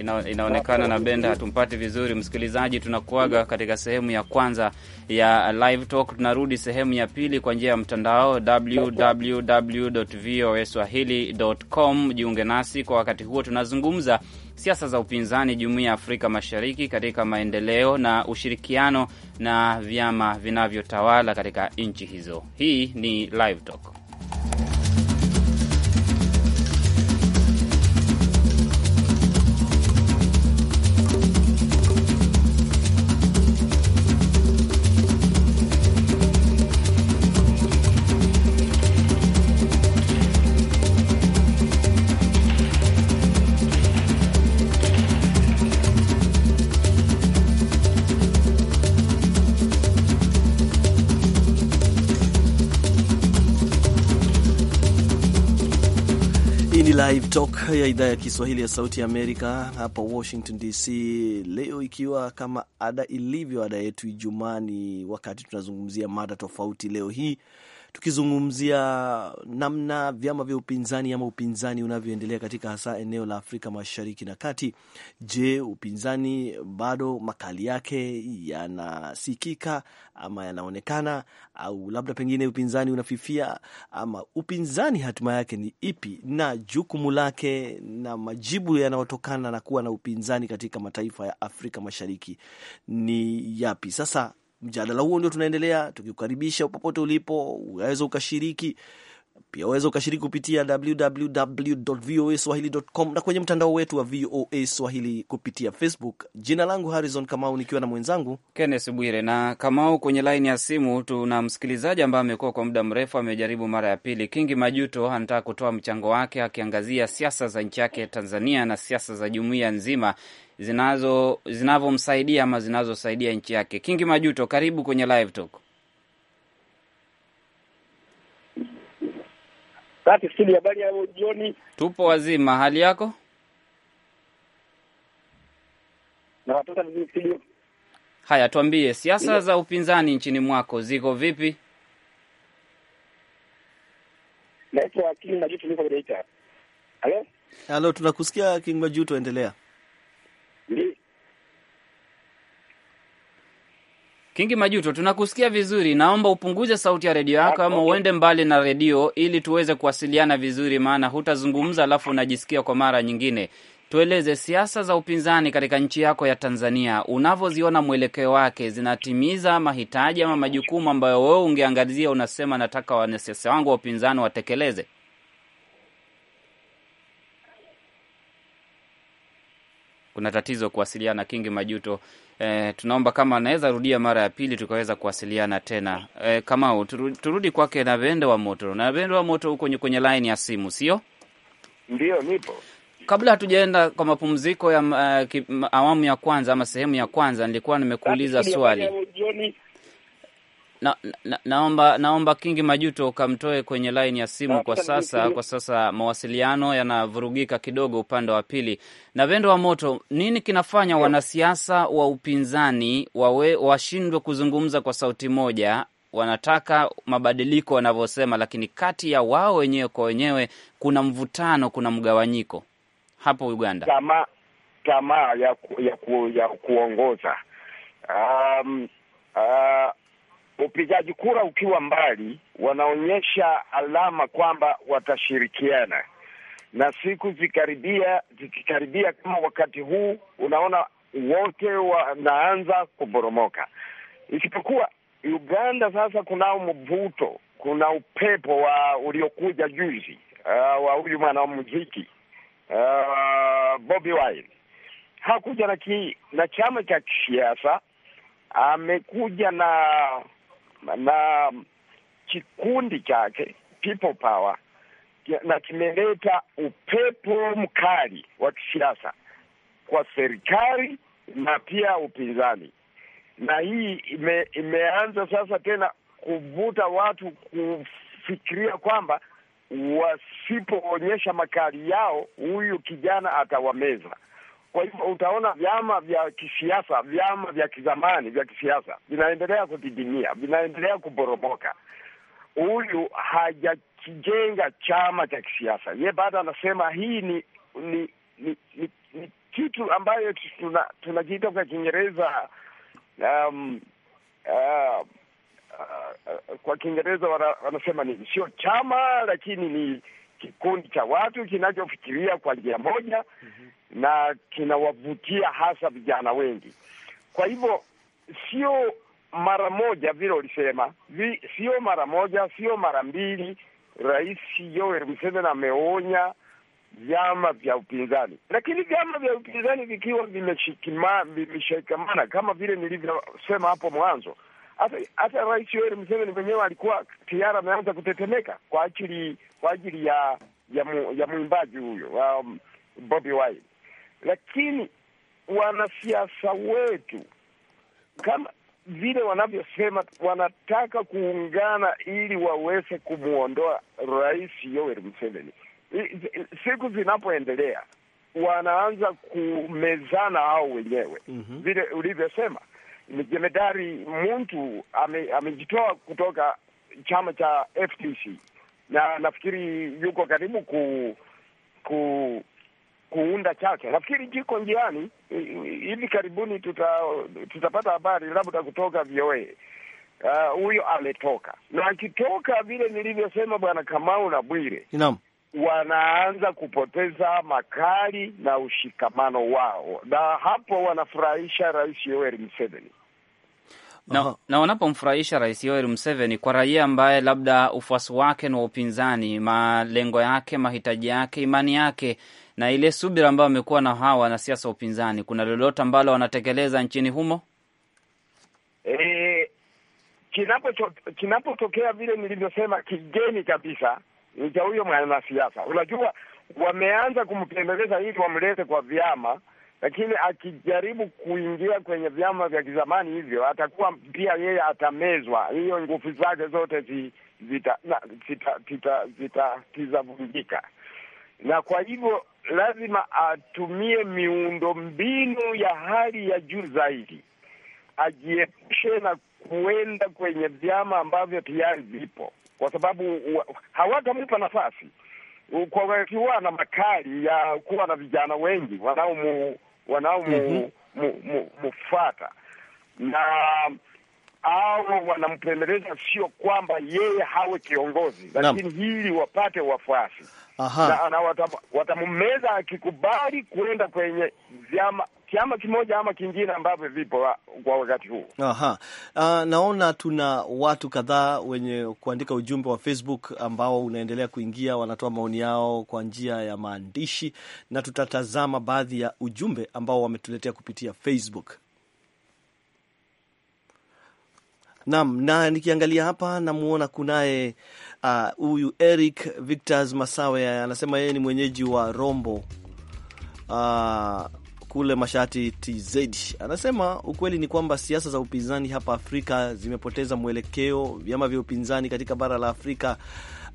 Speaker 1: Ina, inaonekana na Benda hatumpati vizuri msikilizaji. Tunakuaga katika sehemu ya kwanza ya live talk, tunarudi sehemu ya pili kwa njia ya mtandao www.voaswahili.com. Jiunge nasi kwa wakati huo, tunazungumza siasa za upinzani jumuiya ya Afrika Mashariki katika maendeleo na ushirikiano na vyama vinavyotawala katika nchi hizo. Hii ni live talk.
Speaker 2: Talk ya idhaa ya Kiswahili ya Sauti ya Amerika hapa Washington DC, leo ikiwa kama ada ilivyo ada yetu Ijumaa, ni wakati tunazungumzia mada tofauti. Leo hii tukizungumzia namna vyama vya upinzani ama upinzani unavyoendelea katika hasa eneo la Afrika Mashariki na Kati. Je, upinzani bado makali yake yanasikika ama yanaonekana, au labda pengine upinzani unafifia, ama upinzani hatima yake ni ipi na jukumu lake na majibu yanayotokana na kuwa na upinzani katika mataifa ya Afrika Mashariki ni yapi? Sasa mjadala huo ndio tunaendelea tukiukaribisha popote ulipo, unaweza ukashiriki pia waweza ukashiriki kupitia www.voaswahili.com na kwenye mtandao wetu wa VOA Swahili kupitia Facebook. Jina langu Harrison Kamau, nikiwa na
Speaker 1: mwenzangu Kenneth Bwire. Na Kamau, kwenye laini ya simu tuna msikilizaji ambaye amekuwa kwa muda mrefu, amejaribu mara ya pili. Kingi Majuto anataka kutoa mchango wake akiangazia siasa za nchi yake Tanzania na siasa za jumuiya nzima zinazo zinavyomsaidia ama zinazosaidia nchi yake. Kingi Majuto, karibu kwenye live talk.
Speaker 7: Habari ya jioni.
Speaker 1: Tupo wazima, hali yako? Na haya, tuambie siasa za upinzani nchini mwako ziko vipi?
Speaker 7: Naitwa Kingi Majuto, niko Geita. Halo,
Speaker 2: halo,
Speaker 1: tunakusikia Kingi Majuto, endelea. Kingi Majuto, tunakusikia vizuri, naomba upunguze sauti ya redio yako ama uende mbali na redio ili tuweze kuwasiliana vizuri, maana hutazungumza alafu unajisikia kwa mara nyingine. Tueleze siasa za upinzani katika nchi yako ya Tanzania, unavyoziona mwelekeo wake, zinatimiza mahitaji ama majukumu ambayo wewe ungeangazia, unasema nataka wanasiasa wangu wa upinzani watekeleze? kuna tatizo kuwasiliana. Kingi Majuto, eh, tunaomba kama anaweza rudia mara ya pili tukaweza kuwasiliana tena. Eh, Kamau, turudi kwake na Vende wa Moto. Na Vende wa Moto huko kwenye line ya simu, sio
Speaker 7: ndio? Nipo.
Speaker 1: Kabla hatujaenda kwa mapumziko ya uh, awamu ya kwanza ama sehemu ya kwanza, nilikuwa nimekuuliza swali na, na, naomba naomba Kingi Majuto ukamtoe kwenye laini ya simu kwa sasa, kwa sasa mawasiliano yanavurugika kidogo upande wa pili. Na Vendo wa Moto, nini kinafanya wanasiasa wa upinzani wawe washindwe kuzungumza kwa sauti moja? Wanataka mabadiliko wanavyosema, lakini kati ya wao wenyewe kwa wenyewe kuna mvutano, kuna mgawanyiko hapo Uganda,
Speaker 4: tamaa ya, ku, ya, ku, ya kuongoza um, uh, upigaji kura ukiwa mbali, wanaonyesha alama kwamba watashirikiana, na siku zikaribia, zikikaribia kama wakati huu, unaona wote wanaanza kuporomoka, isipokuwa Uganda. Sasa kunao mvuto, kuna upepo wa uliokuja juzi uh, wa huyu mwanamuziki uh, Bobi Wine hakuja na, ki, na chama cha kisiasa amekuja na na kikundi chake People Power na kimeleta upepo mkali wa kisiasa kwa serikali na pia upinzani, na hii ime, imeanza sasa tena kuvuta watu kufikiria kwamba wasipoonyesha makali yao huyu kijana atawameza. Kwa hivyo utaona vyama vya kisiasa, vyama vya kizamani vya kisiasa vinaendelea kudidimia, vinaendelea kuboromoka Huyu hajakijenga chama cha kisiasa, ye bado anasema hii ni ni, ni, ni, ni kitu ambayo tunakiita tuna kwa Kiingereza um, uh, uh, uh, kwa Kiingereza wanasema nini, sio chama lakini ni kikundi cha watu kinachofikiria kwa njia moja mm -hmm. na kinawavutia hasa vijana wengi. Kwa hivyo sio mara moja vile ulisema vi, sio mara moja, sio mara mbili. Rais Yoweri Museveni ameonya vyama vya upinzani, lakini vyama vya upinzani vikiwa vimeshikamana kama vile nilivyosema hapo mwanzo hata hata Rais Yoweri Museveni mwenyewe alikuwa tayari ameanza kutetemeka kwa ajili kwa ajili ya ya, mu, ya mwimbaji huyo um, Bobi Wine. Lakini wanasiasa wetu kama vile wanavyosema wanataka kuungana ili waweze kumwondoa Rais Yoweri Museveni. Siku zinapoendelea wanaanza kumezana hao wenyewe mhm. vile mm -hmm. ulivyosema ni jemedari Muntu amejitoa ame kutoka chama cha FTC na nafikiri yuko karibu ku, ku kuunda chake. Nafikiri jiko njiani, hivi karibuni tuta, tutapata habari labda kutoka VOA uh, huyo uh, ametoka na akitoka, vile nilivyosema Bwana Kamau na Bwire, naam wanaanza kupoteza makali na ushikamano wao, na hapo wanafurahisha Rais Yoweri Museveni
Speaker 1: na, na wanapomfurahisha Rais Yoweri Museveni kwa raia ambaye labda ufuasi wake ni wa upinzani, malengo yake, mahitaji yake, imani yake na ile subira ambayo amekuwa na hawa wanasiasa wa upinzani, kuna lolote ambalo wanatekeleza nchini humo?
Speaker 4: E, kinapotokea kinapo vile nilivyosema, kigeni kabisa nita huyo mwanasiasa. Unajua, wameanza kumpendeleza ili wamlete kwa vyama, lakini akijaribu kuingia kwenye vyama vya kizamani hivyo atakuwa pia yeye atamezwa, hiyo nguvu zake zote zita, zita, na kwa hivyo lazima atumie miundo mbinu ya hali ya juu zaidi, ajiepushe na kuenda kwenye vyama ambavyo tayari vipo kwa sababu hawatampa nafasi kwa wakiwa na makali ya kuwa na vijana wengi wanaomu wanaomufata mhm. na au wanampendeleza, sio kwamba yeye hawe kiongozi, lakini hili wapate wafuasi. Aha. na watamummeza akikubali kuenda kwenye vyama chama kimoja ama kingine ambavyo vipo kwa wakati huu.
Speaker 2: Aha. Uh, naona tuna watu kadhaa wenye kuandika ujumbe wa Facebook ambao unaendelea kuingia, wanatoa maoni yao kwa njia ya maandishi, na tutatazama baadhi ya ujumbe ambao wametuletea kupitia Facebook. Naam, na nikiangalia hapa namuona kunaye uh, huyu uh, Eric victos Masawe anasema yeye ni mwenyeji wa Rombo uh, kule Mashati TZ. Anasema ukweli ni kwamba siasa za upinzani hapa Afrika zimepoteza mwelekeo. Vyama vya upinzani katika bara la Afrika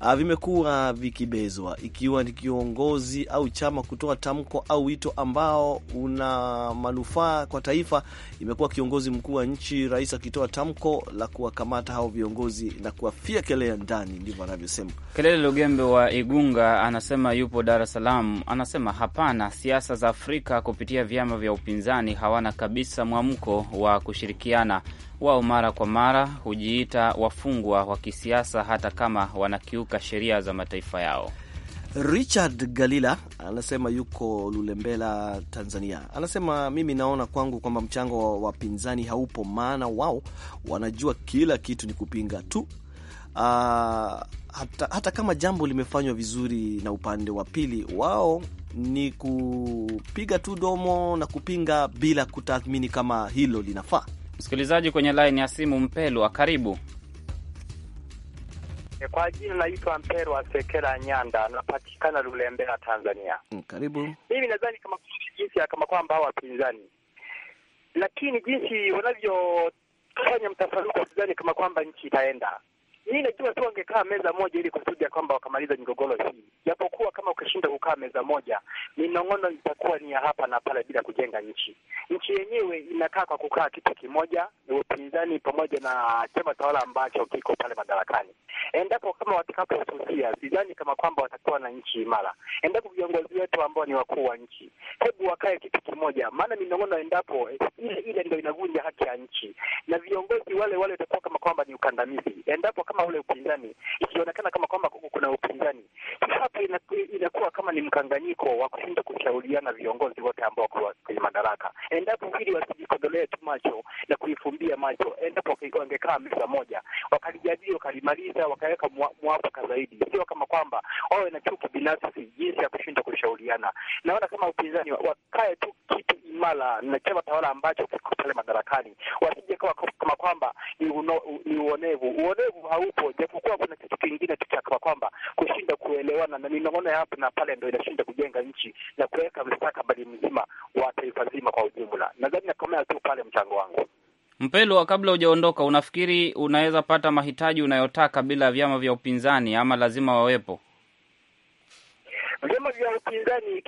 Speaker 2: Ah, vimekuwa vikibezwa, ikiwa ni kiongozi au chama kutoa tamko au wito ambao una manufaa kwa taifa. Imekuwa kiongozi mkuu wa nchi, rais akitoa tamko la kuwakamata hao viongozi na kuwafia kelele ndani, ndivyo anavyosema.
Speaker 1: Kelele Lugembe wa Igunga anasema yupo Dar es Salaam, anasema hapana, siasa za Afrika kupitia vyama vya upinzani hawana kabisa mwamko wa kushirikiana wao mara kwa mara hujiita wafungwa wa kisiasa hata kama wanakiuka sheria za mataifa yao.
Speaker 2: Richard Galila anasema yuko Lulembela, Tanzania. Anasema mimi naona kwangu kwamba mchango wa wapinzani haupo, maana wao wanajua kila kitu ni kupinga tu. Uh, hata, hata kama jambo limefanywa vizuri na upande wa pili, wao ni kupiga tu domo na kupinga bila kutathmini kama hilo linafaa.
Speaker 1: Msikilizaji kwenye laini ya simu, Mpelwa, karibu.
Speaker 3: E, kwa
Speaker 7: jina naitwa Mpelwa Sekera Nyanda, napatikana lulembea Tanzania. Mm, karibu. Mimi nadhani kama jinsi ya kama kwamba hao wapinzani, lakini jinsi wanavyofanya mtafaruku, sidhani kama kwamba nchi itaenda mimi najua tu wangekaa meza moja ili kusudi ya kwamba wakamaliza migogoro hii, japokuwa kama ukishinda kukaa meza moja, minong'ono itakuwa ni ya hapa na pale bila kujenga nchi. Nchi yenyewe inakaa kwa kukaa kitu kimoja, ni upinzani pamoja na chama tawala ambacho kiko pale madarakani. Endapo kama watakaposusia, sidhani kama kwamba watakuwa na nchi imara. Endapo viongozi wetu ambao ni wakuu wa nchi, hebu wakae kitu kimoja, maana minong'ono endapo eh, ile ile ndio inavunja haki ya nchi, na viongozi wale wale watakuwa kama kwamba ni ukandamizi endapo kama kama ule upinzani, ikionekana kama kwamba kuna upinzani, hapa inakuwa kama ni mkanganyiko wa kushinda kushauriana viongozi wote ambao kwenye madaraka. Endapo hili wasijikodolea tu macho na kuifumbia macho, endapo wangekaa meza moja wakalijadili, wakalimaliza, wakaweka mwafaka zaidi, sio kama kwamba wawe na chuki binafsi jinsi ya kushinda kushauriana. Naona kama upinzani wakae tu kitu mala na chama tawala ambacho kiko pale madarakani, wasije kama kama kwamba ni uonevu. Uonevu haupo, japokuwa kuna kitu kingine tu cha kama kwamba kushinda kuelewana, na ninaona hapa na pale ndio inashinda kujenga nchi na kuweka mustakabali mzima wa taifa zima kwa ujumla. Nadhani nakomea tu pale mchango wangu.
Speaker 1: Mpelwa, kabla hujaondoka, unafikiri unaweza pata mahitaji unayotaka bila vyama vya upinzani ama lazima wawepo?
Speaker 7: vyama vya upinzani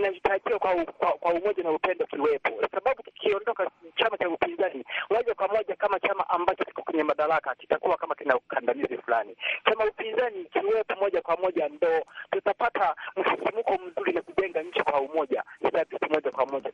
Speaker 7: kinahitajiwa kwa, kwa, kwa umoja na upendo kiwepo, sababu kikiondoka chama cha upinzani moja kwa moja, kama chama ambacho kiko kwenye madaraka kitakuwa kama kina ukandamizi fulani. Chama upinzani kiwepo moja kwa moja, ndo tutapata msisimuko mzuri na kujenga nchi kwa umoja. Sabiti moja kwa moja,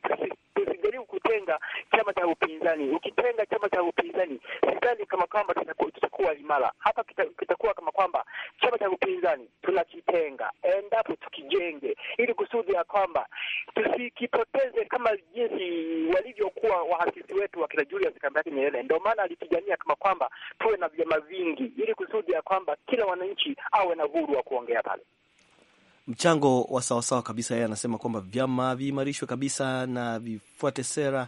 Speaker 7: tusijaribu kutenga chama cha upinzani. Ukitenga chama cha upinzani, sidhani kama kwamba tutakuwa imara hapa. Kitakuwa kama kwamba chama cha upinzani tunakitenga endapo tu, tukijenge ili kusudi ya kwamba tusikipoteze kama jinsi walivyokuwa waasisi wetu wakina Julius Kambarage Nyerere. Ndio maana alipigania kama kwamba tuwe na vyama vingi ili kusudi ya kwamba kila wananchi awe na uhuru wa kuongea pale
Speaker 2: mchango wa sawasawa kabisa. Yeye anasema kwamba vyama viimarishwe kabisa na vifuate sera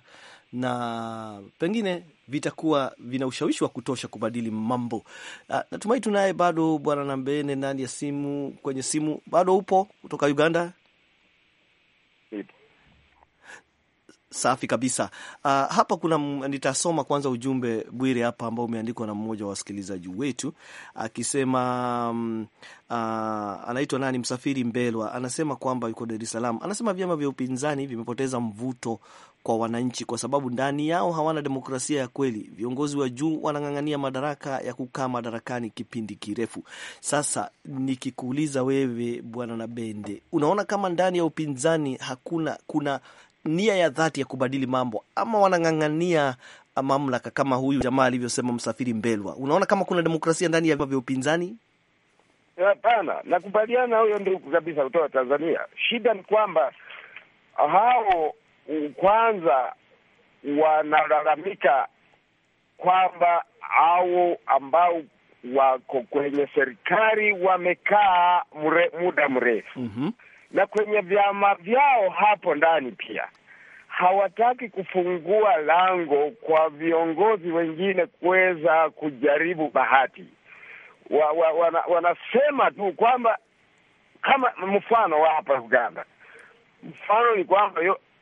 Speaker 2: na pengine vitakuwa vina ushawishi wa kutosha kubadili mambo. Ah, natumai tunaye bado Bwana Nambene ndani ya simu, kwenye simu. Bado upo kutoka Uganda? Safi kabisa. Uh, hapa kuna nitasoma kwanza ujumbe Bwire hapa ambao umeandikwa na mmoja wa wasikilizaji wetu akisema, um, uh, anaitwa nani, Msafiri Mbelwa, anasema kwamba yuko Dar es Salaam. Anasema vyama vya upinzani vimepoteza mvuto kwa wananchi kwa sababu ndani yao hawana demokrasia ya kweli. Viongozi wa juu wanang'ang'ania madaraka ya kukaa madarakani kipindi kirefu. Sasa nikikuuliza wewe, Bwana Nabende, unaona kama ndani ya upinzani hakuna kuna nia ya dhati ya kubadili mambo ama wanang'ang'ania mamlaka kama huyu jamaa alivyosema Msafiri Mbelwa? Unaona kama kuna demokrasia ndani ya vyama vya upinzani?
Speaker 4: Hapana, nakubaliana huyo ndugu kabisa kutoka Tanzania. Shida ni kwamba hao kwanza wanalalamika kwamba au ambao wako kwenye serikali wamekaa mre, muda mrefu mm -hmm na kwenye vyama vyao hapo ndani pia hawataki kufungua lango kwa viongozi wengine kuweza kujaribu bahati. Wa, wa, wana, wanasema tu kwamba kama mfano wa hapa Uganda, mfano ni kwamba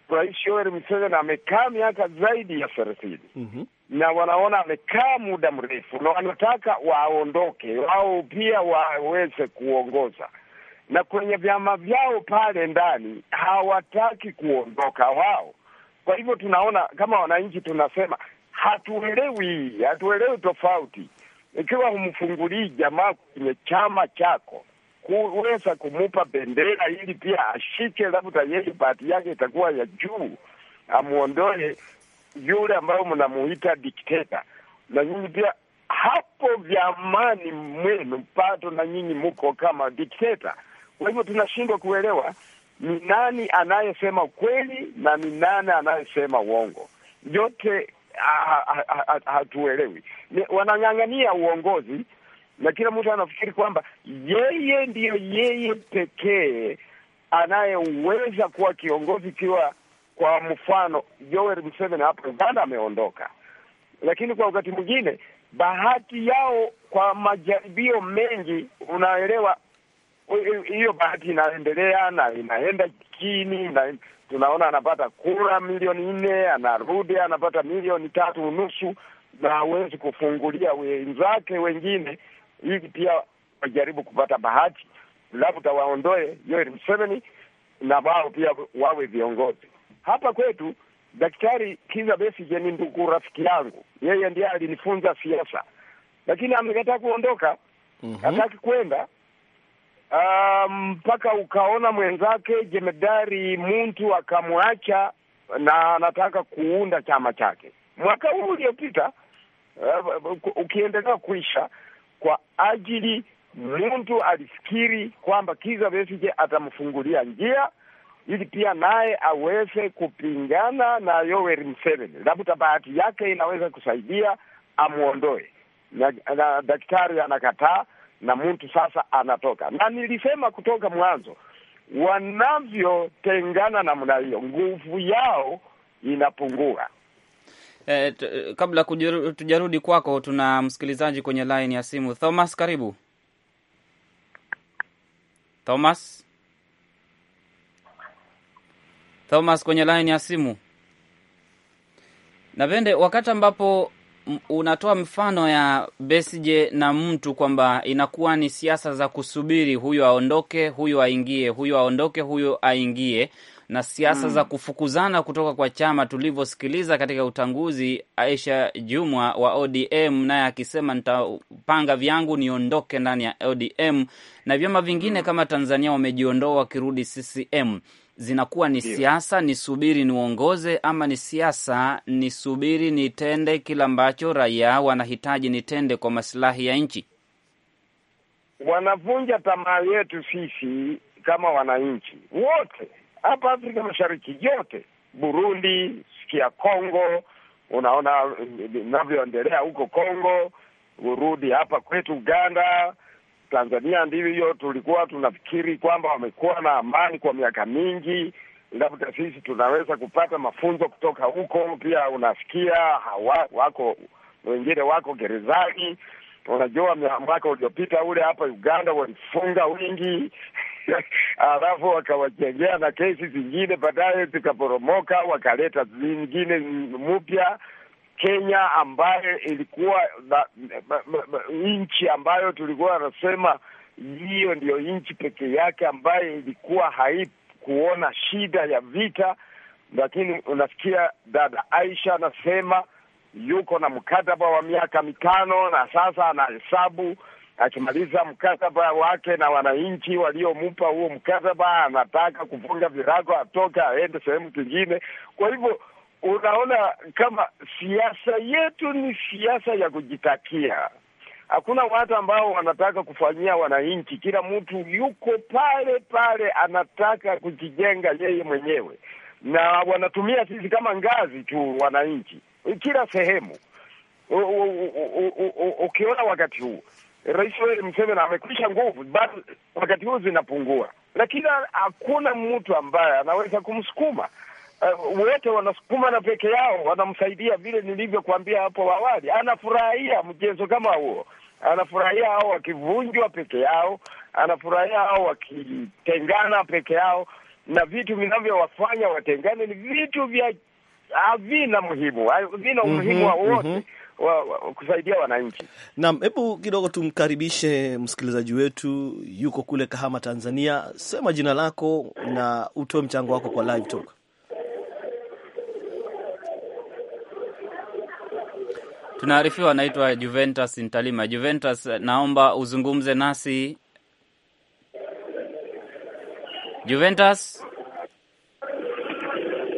Speaker 4: Rais Yoweri Museveni amekaa miaka zaidi ya thelathini mm -hmm. na wanaona amekaa muda mrefu na wanataka waondoke, wao pia waweze kuongoza na kwenye vyama vyao pale ndani hawataki kuondoka wao. Kwa hivyo tunaona kama wananchi tunasema hatuelewi, hatuelewi tofauti. Ikiwa humfungulii jamaa kwenye chama chako kuweza kumupa bendera ili pia ashike, labda yeye bahati yake itakuwa ya juu, amuondoe yule ambayo mnamuita dikteta, na nyinyi pia hapo vyamani mwenu pato, na nyinyi muko kama dikteta. Kwa hivyo tunashindwa kuelewa ni nani anayesema kweli na ni nani anayesema uongo. Yote hatuelewi, wanang'ang'ania uongozi na kila mtu anafikiri kwamba yeye ndiyo yeye pekee anayeweza kuwa kiongozi. Ikiwa kwa mfano Yoweri Museveni hapo Uganda ameondoka, lakini kwa wakati mwingine bahati yao, kwa majaribio mengi, unaelewa hiyo bahati inaendelea na inaenda chini na tunaona anapata kura milioni nne, anarudi anapata milioni tatu unusu, na awezi kufungulia wenzake wengine hivi pia wajaribu kupata bahati, labda waondoe Yoweri mseveni na wao pia wawe viongozi. Hapa kwetu Daktari kiza besije ni ndugu rafiki yangu, yeye ndiye alinifunza siasa, lakini amekataa kuondoka, mm -hmm. kwenda Ah, mpaka um, ukaona mwenzake jemedari Muntu akamwacha na anataka kuunda chama chake mwaka huu uliopita, uh, ukiendelea kuisha kwa ajili Muntu alifikiri kwamba Kiza vesije atamfungulia njia ili pia naye aweze kupingana na Yoweri mseveni labda bahati yake inaweza kusaidia amwondoe na, na daktari anakataa na mtu sasa anatoka. Na nilisema kutoka mwanzo, wanavyotengana namna hiyo, nguvu yao inapungua.
Speaker 1: Eh, kabla tujarudi kwako, tuna msikilizaji kwenye line ya simu. Thomas, karibu Thomas. Thomas kwenye line ya simu navende wakati ambapo unatoa mfano ya Besije na mtu kwamba inakuwa ni siasa za kusubiri, huyu aondoke, huyu aingie, huyu aondoke, huyu aingie, na siasa mm, za kufukuzana kutoka kwa chama tulivyosikiliza katika utanguzi, Aisha Jumwa wa ODM naye akisema nitapanga vyangu niondoke ndani ya ODM, na vyama vingine mm, kama Tanzania wamejiondoa wakirudi CCM zinakuwa ni siasa ni ni niongoze, ama ni siasa ni ni nitende kila ambacho raia wanahitaji nitende kwa masilahi ya nchi?
Speaker 4: Wanavunja tamaa yetu sisi kama wananchi wote hapa Afrika Mashariki yote, Burundi, sikia Kongo, unaona inavyoendelea eh, eh, eh, huko Kongo, urudi hapa kwetu Uganda, Tanzania ndivyo tulikuwa tunafikiri kwamba wamekuwa na amani kwa miaka mingi, labda sisi tunaweza kupata mafunzo kutoka huko. Pia unafikia hawa, wako wengine wako gerezani. Unajua, mwaka uliopita ule hapa Uganda walifunga wingi alafu wakawajengea na kesi zingine, baadaye zikaporomoka, wakaleta zingine mpya. Kenya ambayo ilikuwa nchi ambayo tulikuwa anasema hiyo ndiyo nchi pekee yake ambayo ilikuwa haikuona shida ya vita, lakini unasikia dada Aisha anasema yuko na mkataba wa miaka mitano na sasa anahesabu akimaliza mkataba wake na wananchi waliompa huo mkataba, anataka kufunga virago, atoke aende sehemu kingine. Kwa hivyo unaona kama siasa yetu ni siasa ya kujitakia. Hakuna watu ambao wanataka kufanyia wananchi. Kila mtu yuko pale pale, anataka kujijenga yeye mwenyewe, na wanatumia sisi kama ngazi tu, wananchi kila sehemu. Ukiona wakati huu Rais Yoweri Museveni amekwisha nguvu, bado wakati huu zinapungua, lakini hakuna mtu ambaye anaweza kumsukuma uh, wote wanasukuma na peke yao wanamsaidia, vile nilivyokuambia hapo awali, anafurahia mchezo kama huo, anafurahia hao wakivunjwa peke yao, anafurahia hao wakitengana peke yao, na vitu vinavyowafanya watengane ni vitu vya havina muhimu, havina mhm, umuhimu wa mm -hmm. kusaidia wananchi.
Speaker 2: Naam, hebu kidogo tumkaribishe msikilizaji wetu yuko kule Kahama, Tanzania. Sema jina lako na utoe mchango wako kwa
Speaker 1: live talk. Tunaarifiwa anaitwa Juventus Ntalima. Juventus, naomba uzungumze nasi. Juventus,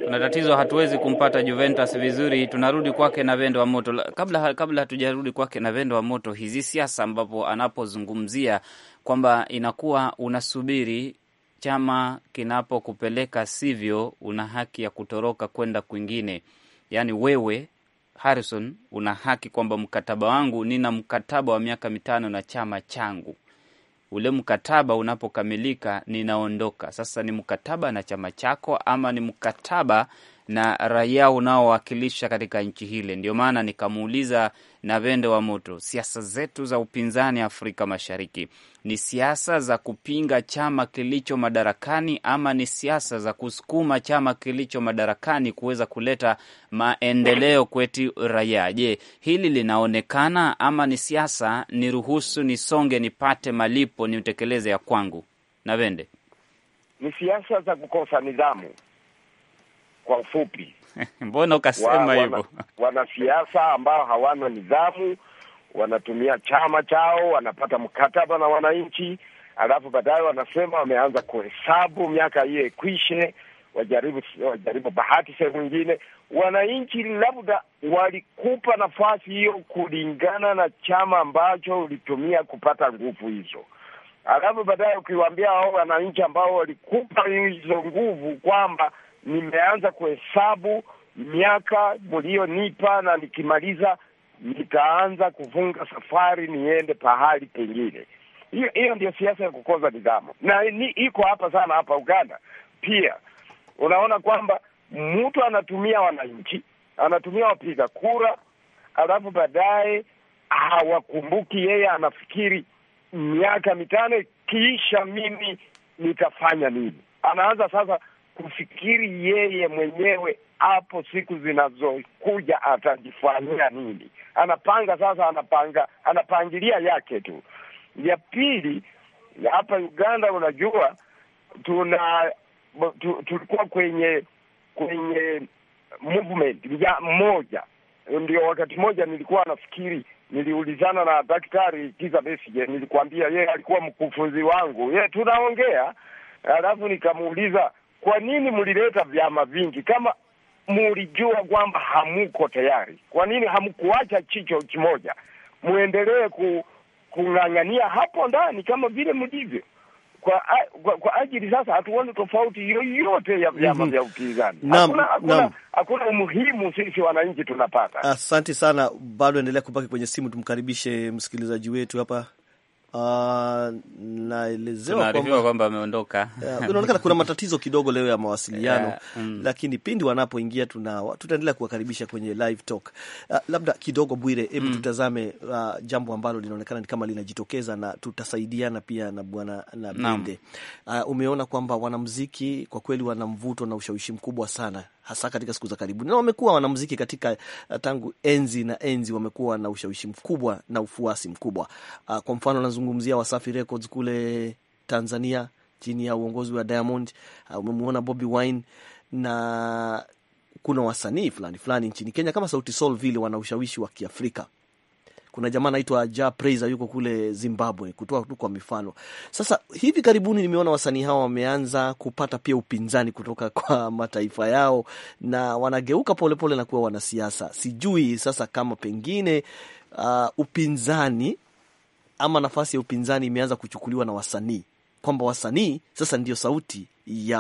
Speaker 1: kuna tatizo, hatuwezi kumpata Juventus vizuri. Tunarudi kwake na Vendo wa Moto. Kabla kabla hatujarudi kwake na Vendo wa Moto, hizi siasa ambapo anapozungumzia kwamba inakuwa unasubiri chama kinapokupeleka, sivyo una haki ya kutoroka kwenda kwingine, yaani wewe Harrison, una haki kwamba mkataba wangu, nina mkataba wa miaka mitano na chama changu. Ule mkataba unapokamilika, ninaondoka. Sasa ni mkataba na chama chako ama ni mkataba na raia unaowakilisha katika nchi hile. Ndio maana nikamuuliza na vende wa Moto, siasa zetu za upinzani Afrika Mashariki ni siasa za kupinga chama kilicho madarakani ama ni siasa za kusukuma chama kilicho madarakani kuweza kuleta maendeleo kwetu raia? Je, hili linaonekana ama ni siasa ni ruhusu nisonge, nipate malipo, nitekeleze ya kwangu? Navende,
Speaker 4: ni siasa za kukosa nidhamu kwa ufupi.
Speaker 1: Mbona ukasema hivyo?
Speaker 4: Wanasiasa wana ambao hawana nidhamu, wanatumia chama chao, wanapata mkataba na wananchi, alafu baadaye wanasema wameanza kuhesabu miaka hiyo ikwishe, wajaribu wajaribu bahati sehemu ingine. Wananchi labda walikupa nafasi hiyo kulingana na chama ambacho ulitumia kupata nguvu hizo alafu baadaye ukiwaambia hao wananchi ambao walikupa hizo nguvu kwamba nimeanza kuhesabu miaka mlionipa na nikimaliza nitaanza kufunga safari niende pahali pengine. Hiyo hiyo ndio siasa ya kukoza nidhamu, na ni iko hapa sana hapa Uganda pia. Unaona kwamba mtu anatumia wananchi, anatumia wapiga kura, alafu baadaye hawakumbuki yeye, anafikiri miaka mitano kisha mimi nitafanya nini? Anaanza sasa kufikiri yeye mwenyewe hapo siku zinazokuja atajifanyia nini. Anapanga sasa, anapanga anapangilia yake tu. Ya pili, hapa Uganda unajua tuna tu, tulikuwa kwenye kwenye movement ya mmoja. Ndio wakati mmoja nilikuwa nafikiri niliulizana na Daktari Kiza Besije, nilikuambia yeye alikuwa mkufunzi wangu, ye tunaongea, alafu nikamuuliza kwa nini mlileta vyama vingi kama mulijua kwamba hamuko tayari? Kwa nini hamkuacha chicho kimoja muendelee ku, kung'ang'ania hapo ndani kama vile mlivyo? Kwa, kwa, kwa ajili sasa hatuoni tofauti yoyote ya vyama mm -hmm. vya upinzani. Hakuna, hakuna, hakuna umuhimu sisi wananchi tunapata.
Speaker 2: Asante sana, bado endelea kubaki kwenye simu, tumkaribishe msikilizaji wetu hapa Ah, naelezewa
Speaker 1: kwamba ameondoka. Eh, inaonekana kuna
Speaker 2: matatizo kidogo leo ya mawasiliano yeah, mm. Lakini pindi wanapoingia tutaendelea kuwakaribisha kwenye live talk. Uh, labda kidogo Bwire, hebu mm. tutazame uh, jambo ambalo linaonekana ni kama linajitokeza na tutasaidiana pia na bwana na Binde. Uh, ah, umeona kwamba wanamuziki kwa kweli wana mvuto na ushawishi mkubwa sana hasa katika siku za karibuni, na wamekuwa wanamuziki katika eh, tangu enzi na enzi, wamekuwa na ushawishi mkubwa na ufuasi mkubwa. Ah, kwa mfano, nazungumzia Wasafi Records kule Tanzania chini ya uongozi wa Diamond. Ah, umemwona Bobby Wine na kuna wasanii fulani fulani nchini Kenya kama Sauti Sol vile wana ushawishi wa Kiafrika. Kuna jamaa anaitwa Ja Praiser yuko kule Zimbabwe, kutoa tu kwa mifano. Sasa hivi karibuni nimeona wasanii hawa wameanza kupata pia upinzani kutoka kwa mataifa yao na wanageuka polepole pole na kuwa wanasiasa. Sijui sasa kama pengine uh, upinzani ama nafasi ya upinzani imeanza kuchukuliwa na wasanii kwamba wasanii sasa ndiyo sauti ya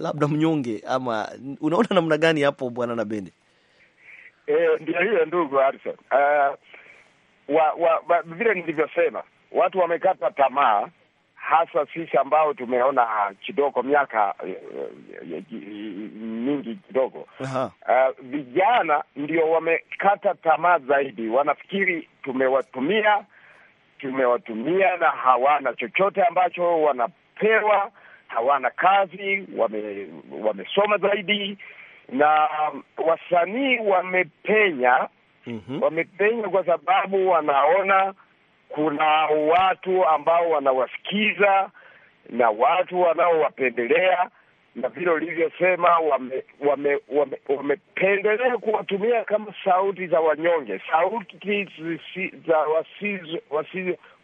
Speaker 2: labda mnyonge, ama unaona namna gani hapo, bwana na Bende?
Speaker 5: E, eh, ndio hiyo ndugu Harrison.
Speaker 4: Uh, wa, wa, wa, vile nilivyosema, watu wamekata tamaa, hasa sisi ambao tumeona ah, kidogo miaka eh, eh, eh, mingi kidogo. uh, vijana ndio wamekata tamaa zaidi, wanafikiri tumewatumia tumewatumia na hawana chochote ambacho wanapewa, hawana kazi, wame, wamesoma zaidi na wasanii wamepenya -hmm. Wametengwa kwa sababu wanaona kuna watu ambao wanawasikiza na watu wanaowapendelea, na vile ulivyosema, wamependelea wame, wame, wame kuwatumia kama sauti za wanyonge, sauti za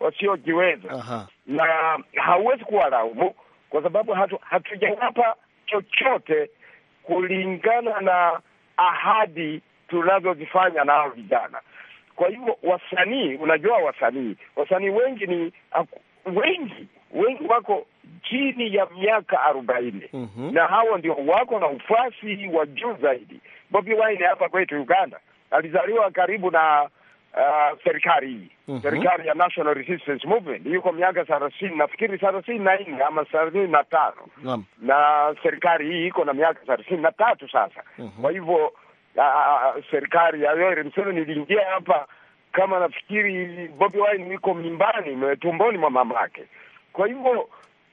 Speaker 4: wasiojiweza wasi, na hauwezi kuwalaumu kwa sababu hatu, hatujawapa chochote kulingana na ahadi tunavyovifanya nao vijana. Kwa hivyo wasanii, unajua wasanii, wasanii wengi ni wengi wengi wako chini ya miaka arobaini mm -hmm. na hawa ndio wako na ufasi wa juu zaidi. Bobi Wine hapa kwetu Uganda alizaliwa karibu na uh, serikali hii mm -hmm. serikali ya National Resistance Movement, yuko miaka thelathini nafikiri thelathini na nne ama thelathini na tano mm -hmm. na serikali hii iko na miaka thelathini na tatu sasa mm -hmm. kwa hivyo serikali ya Yoweri Museveni iliingia hapa, kama nafikiri Bobi Wine yuko mimbani tumboni mwa mamake. Kwa hivyo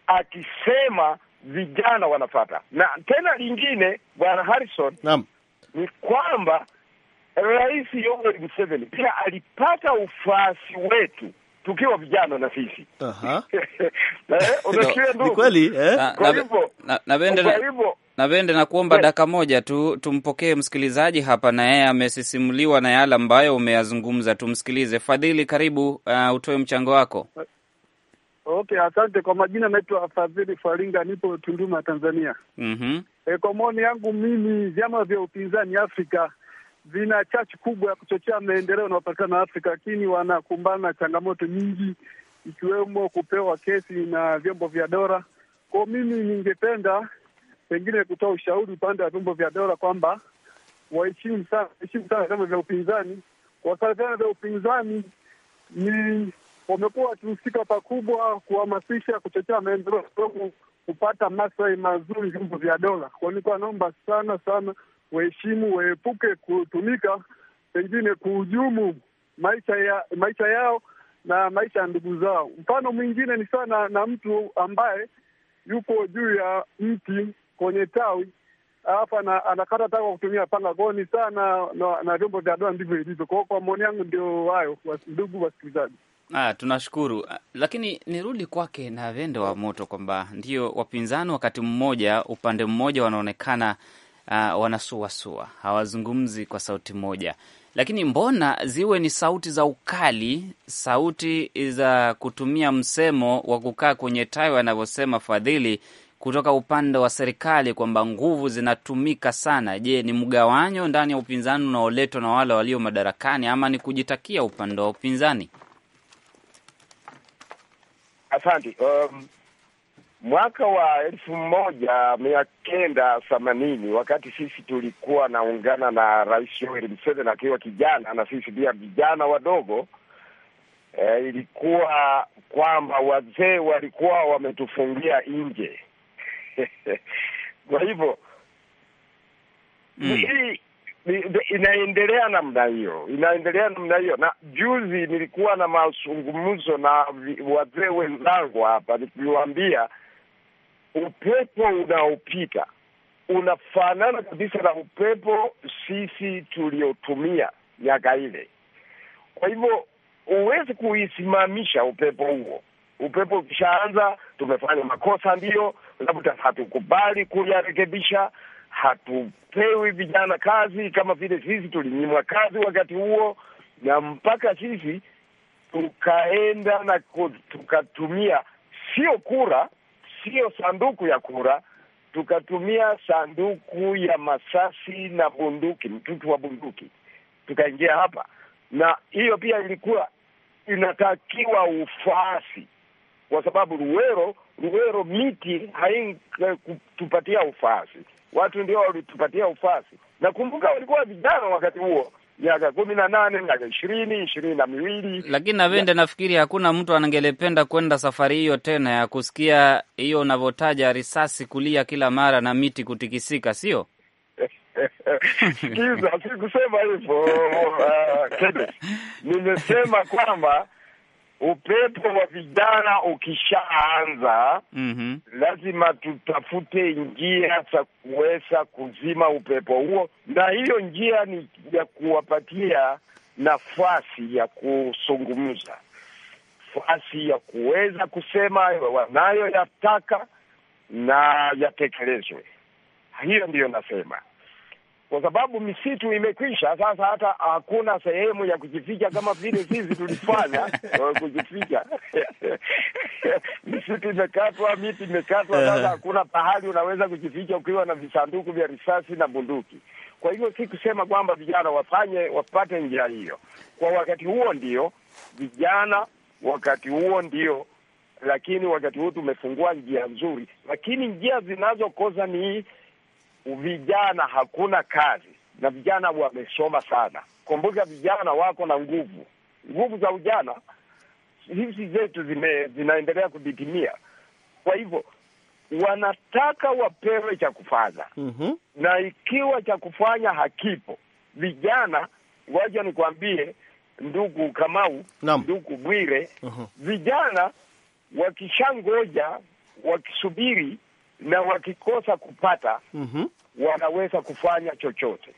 Speaker 4: akisema vijana wanafata, na tena lingine, bwana Harrison, naam, ni kwamba Rais Yoweri Museveni pia alipata ufasi wetu tukiwa vijana na sisi eh, unasikia ndugu,
Speaker 1: eh? na vende na kuomba eh. dakika moja tu tumpokee msikilizaji hapa, na yeye amesisimuliwa na yale ambayo umeyazungumza. Tumsikilize. Fadhili, karibu uh, utoe mchango wako. Okay,
Speaker 5: asante kwa majina. Naitwa Fadhili Faringa, nipo Tunduma, Tanzania. mm -hmm. E, kwa maoni yangu mimi vyama vya upinzani Afrika vina chachu kubwa ya kuchochea maendeleo yanayopatikana Afrika, lakini wanakumbana na changamoto nyingi, ikiwemo kupewa kesi na vyombo vya dola. Kwa mimi ningependa pengine kutoa ushauri upande wa vyombo vya dola kwamba waheshimu sana vyama vya upinzani, kwa sababu vyama vya upinzani ni wamekuwa wakihusika pakubwa kuhamasisha, kuchochea maendeleo, kupata maslahi mazuri vyombo vya dola. kwao. nilikuwa naomba sana sana waheshimu, waepuke kutumika pengine kuhujumu maisha ya maisha yao na maisha ya ndugu zao. Mfano mwingine ni sana na mtu ambaye yuko juu ya mti kwenye tawi hapa anakata taka kutumia panga kwao ni sana na vyombo vya doa, ndivyo ilivyo. kwao kwa maoni yangu ndio hayo, ndugu wasikilizaji.
Speaker 1: Ah, tunashukuru, lakini nirudi kwake na vendo wa moto kwamba ndio wapinzani, wakati mmoja upande mmoja wanaonekana uh, wanasuasua, hawazungumzi kwa sauti moja. Lakini mbona ziwe ni sauti za ukali, sauti za kutumia msemo wa kukaa kwenye tawi, anavyosema Fadhili kutoka upande wa serikali kwamba nguvu zinatumika sana. Je, ni mgawanyo ndani ya upinzani unaoletwa na wale walio madarakani ama ni kujitakia upande wa upinzani?
Speaker 4: Asante. Um, mwaka wa elfu moja mia kenda themanini wakati sisi tulikuwa naungana na Rais Yoweri Museveni akiwa kijana na sisi pia vijana wadogo. E, ilikuwa kwamba wazee walikuwa wametufungia nje kwa hivyo
Speaker 5: mm. hii
Speaker 4: inaendelea namna hiyo, inaendelea namna hiyo. Na juzi nilikuwa na mazungumzo na wazee wenzangu hapa nikiwambia upepo unaopita unafanana kabisa na upepo sisi tuliotumia miaka ile. Kwa hivyo huwezi kuisimamisha upepo huo. Upepo ukishaanza, tumefanya makosa, ndio labda hatukubali kuyarekebisha. Hatupewi vijana kazi kama vile sisi tulinyimwa kazi wakati huo, na mpaka sisi tukaenda na tukatumia sio kura siyo sanduku ya kura, tukatumia sanduku ya masasi na bunduki, mtutu wa bunduki, tukaingia hapa, na hiyo pia ilikuwa inatakiwa ufasi kwa sababu Luwero, Luwero miti haingetupatia ufasi watu ndio walitupatia na Nakumbuka walikuwa vijana wakati huo miaka kumi na nane miaka ishirini ishirini na miwili
Speaker 1: Lakini Navende, nafikiri hakuna mtu anangelependa kwenda safari hiyo tena ya kusikia hiyo unavyotaja risasi kulia kila mara na miti kutikisika, sio?
Speaker 4: Sikiza, sikusema hivyo. Ah, nimesema kwamba upepo wa vijana ukishaanza, mm -hmm. lazima tutafute njia za kuweza kuzima upepo huo, na hiyo njia ni ya kuwapatia nafasi ya kuzungumza, nafasi ya kuweza kusema wanayoyataka na yatekelezwe. Hiyo ndiyo nasema kwa sababu misitu imekwisha. Sasa hata hakuna sehemu ya kujificha kama vile sisi tulifanya kujificha. Misitu imekatwa, miti imekatwa, sasa hakuna pahali unaweza kujificha ukiwa na visanduku vya risasi na bunduki. Kwa hiyo si kusema kwamba vijana wafanye wapate njia hiyo kwa wakati huo, ndio vijana wakati huo ndio lakini wakati huu tumefungua njia nzuri, lakini njia zinazokosa ni vijana hakuna kazi na vijana wamesoma sana. Kumbuka vijana wako na nguvu, nguvu za ujana hizi zetu zime, zinaendelea kuditimia. Kwa hivyo wanataka wapewe cha kufanya mm -hmm. na ikiwa cha kufanya hakipo, vijana, waja nikwambie ndugu Kamau, ndugu Bwire, mm -hmm. vijana
Speaker 1: wakishangoja
Speaker 4: wakisubiri na wakikosa kupata mm -hmm. wanaweza kufanya chochote.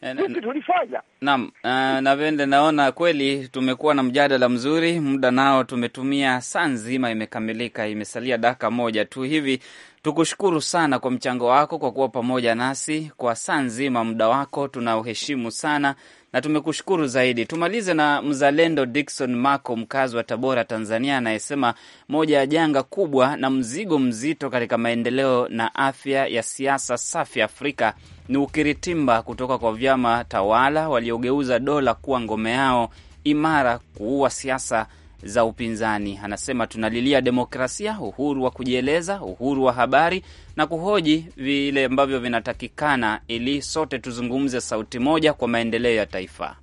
Speaker 4: Eh, Sisi tulifanya
Speaker 1: naam. Uh, eh, na vende naona kweli tumekuwa na mjadala mzuri, muda nao tumetumia, saa nzima imekamilika, imesalia dakika moja tu hivi. Tukushukuru sana kwa mchango wako, kwa kuwa pamoja nasi kwa saa nzima. Muda wako tunauheshimu sana na tumekushukuru zaidi. Tumalize na mzalendo dikson Mako, mkazi wa Tabora, Tanzania, anayesema moja ya janga kubwa na mzigo mzito katika maendeleo na afya ya siasa safi Afrika ni ukiritimba kutoka kwa vyama tawala waliogeuza dola kuwa ngome yao imara, kuua siasa za upinzani. Anasema tunalilia demokrasia, uhuru wa kujieleza, uhuru wa habari na kuhoji vile ambavyo vinatakikana, ili sote tuzungumze sauti moja kwa maendeleo ya taifa.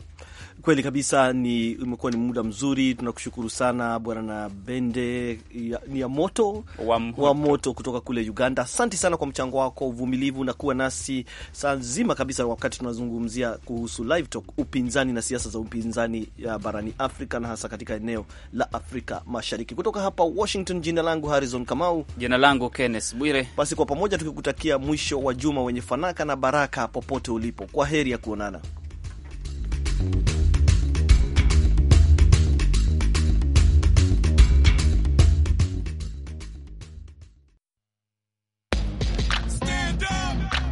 Speaker 1: Kweli
Speaker 2: kabisa, ni imekuwa ni muda mzuri. Tunakushukuru sana bwana na bende ya, ni ya moto wa moto kutoka kule Uganda. Asante sana kwa mchango wako, uvumilivu na kuwa nasi saa nzima kabisa, wakati tunazungumzia kuhusu live talk, upinzani na siasa za upinzani ya barani Afrika na hasa katika eneo la Afrika Mashariki. Kutoka hapa Washington, jina langu Harrison Kamau, jina langu Kenneth Bwire. Basi kwa pamoja tukikutakia mwisho wa juma wenye fanaka na baraka popote ulipo, kwa heri ya kuonana.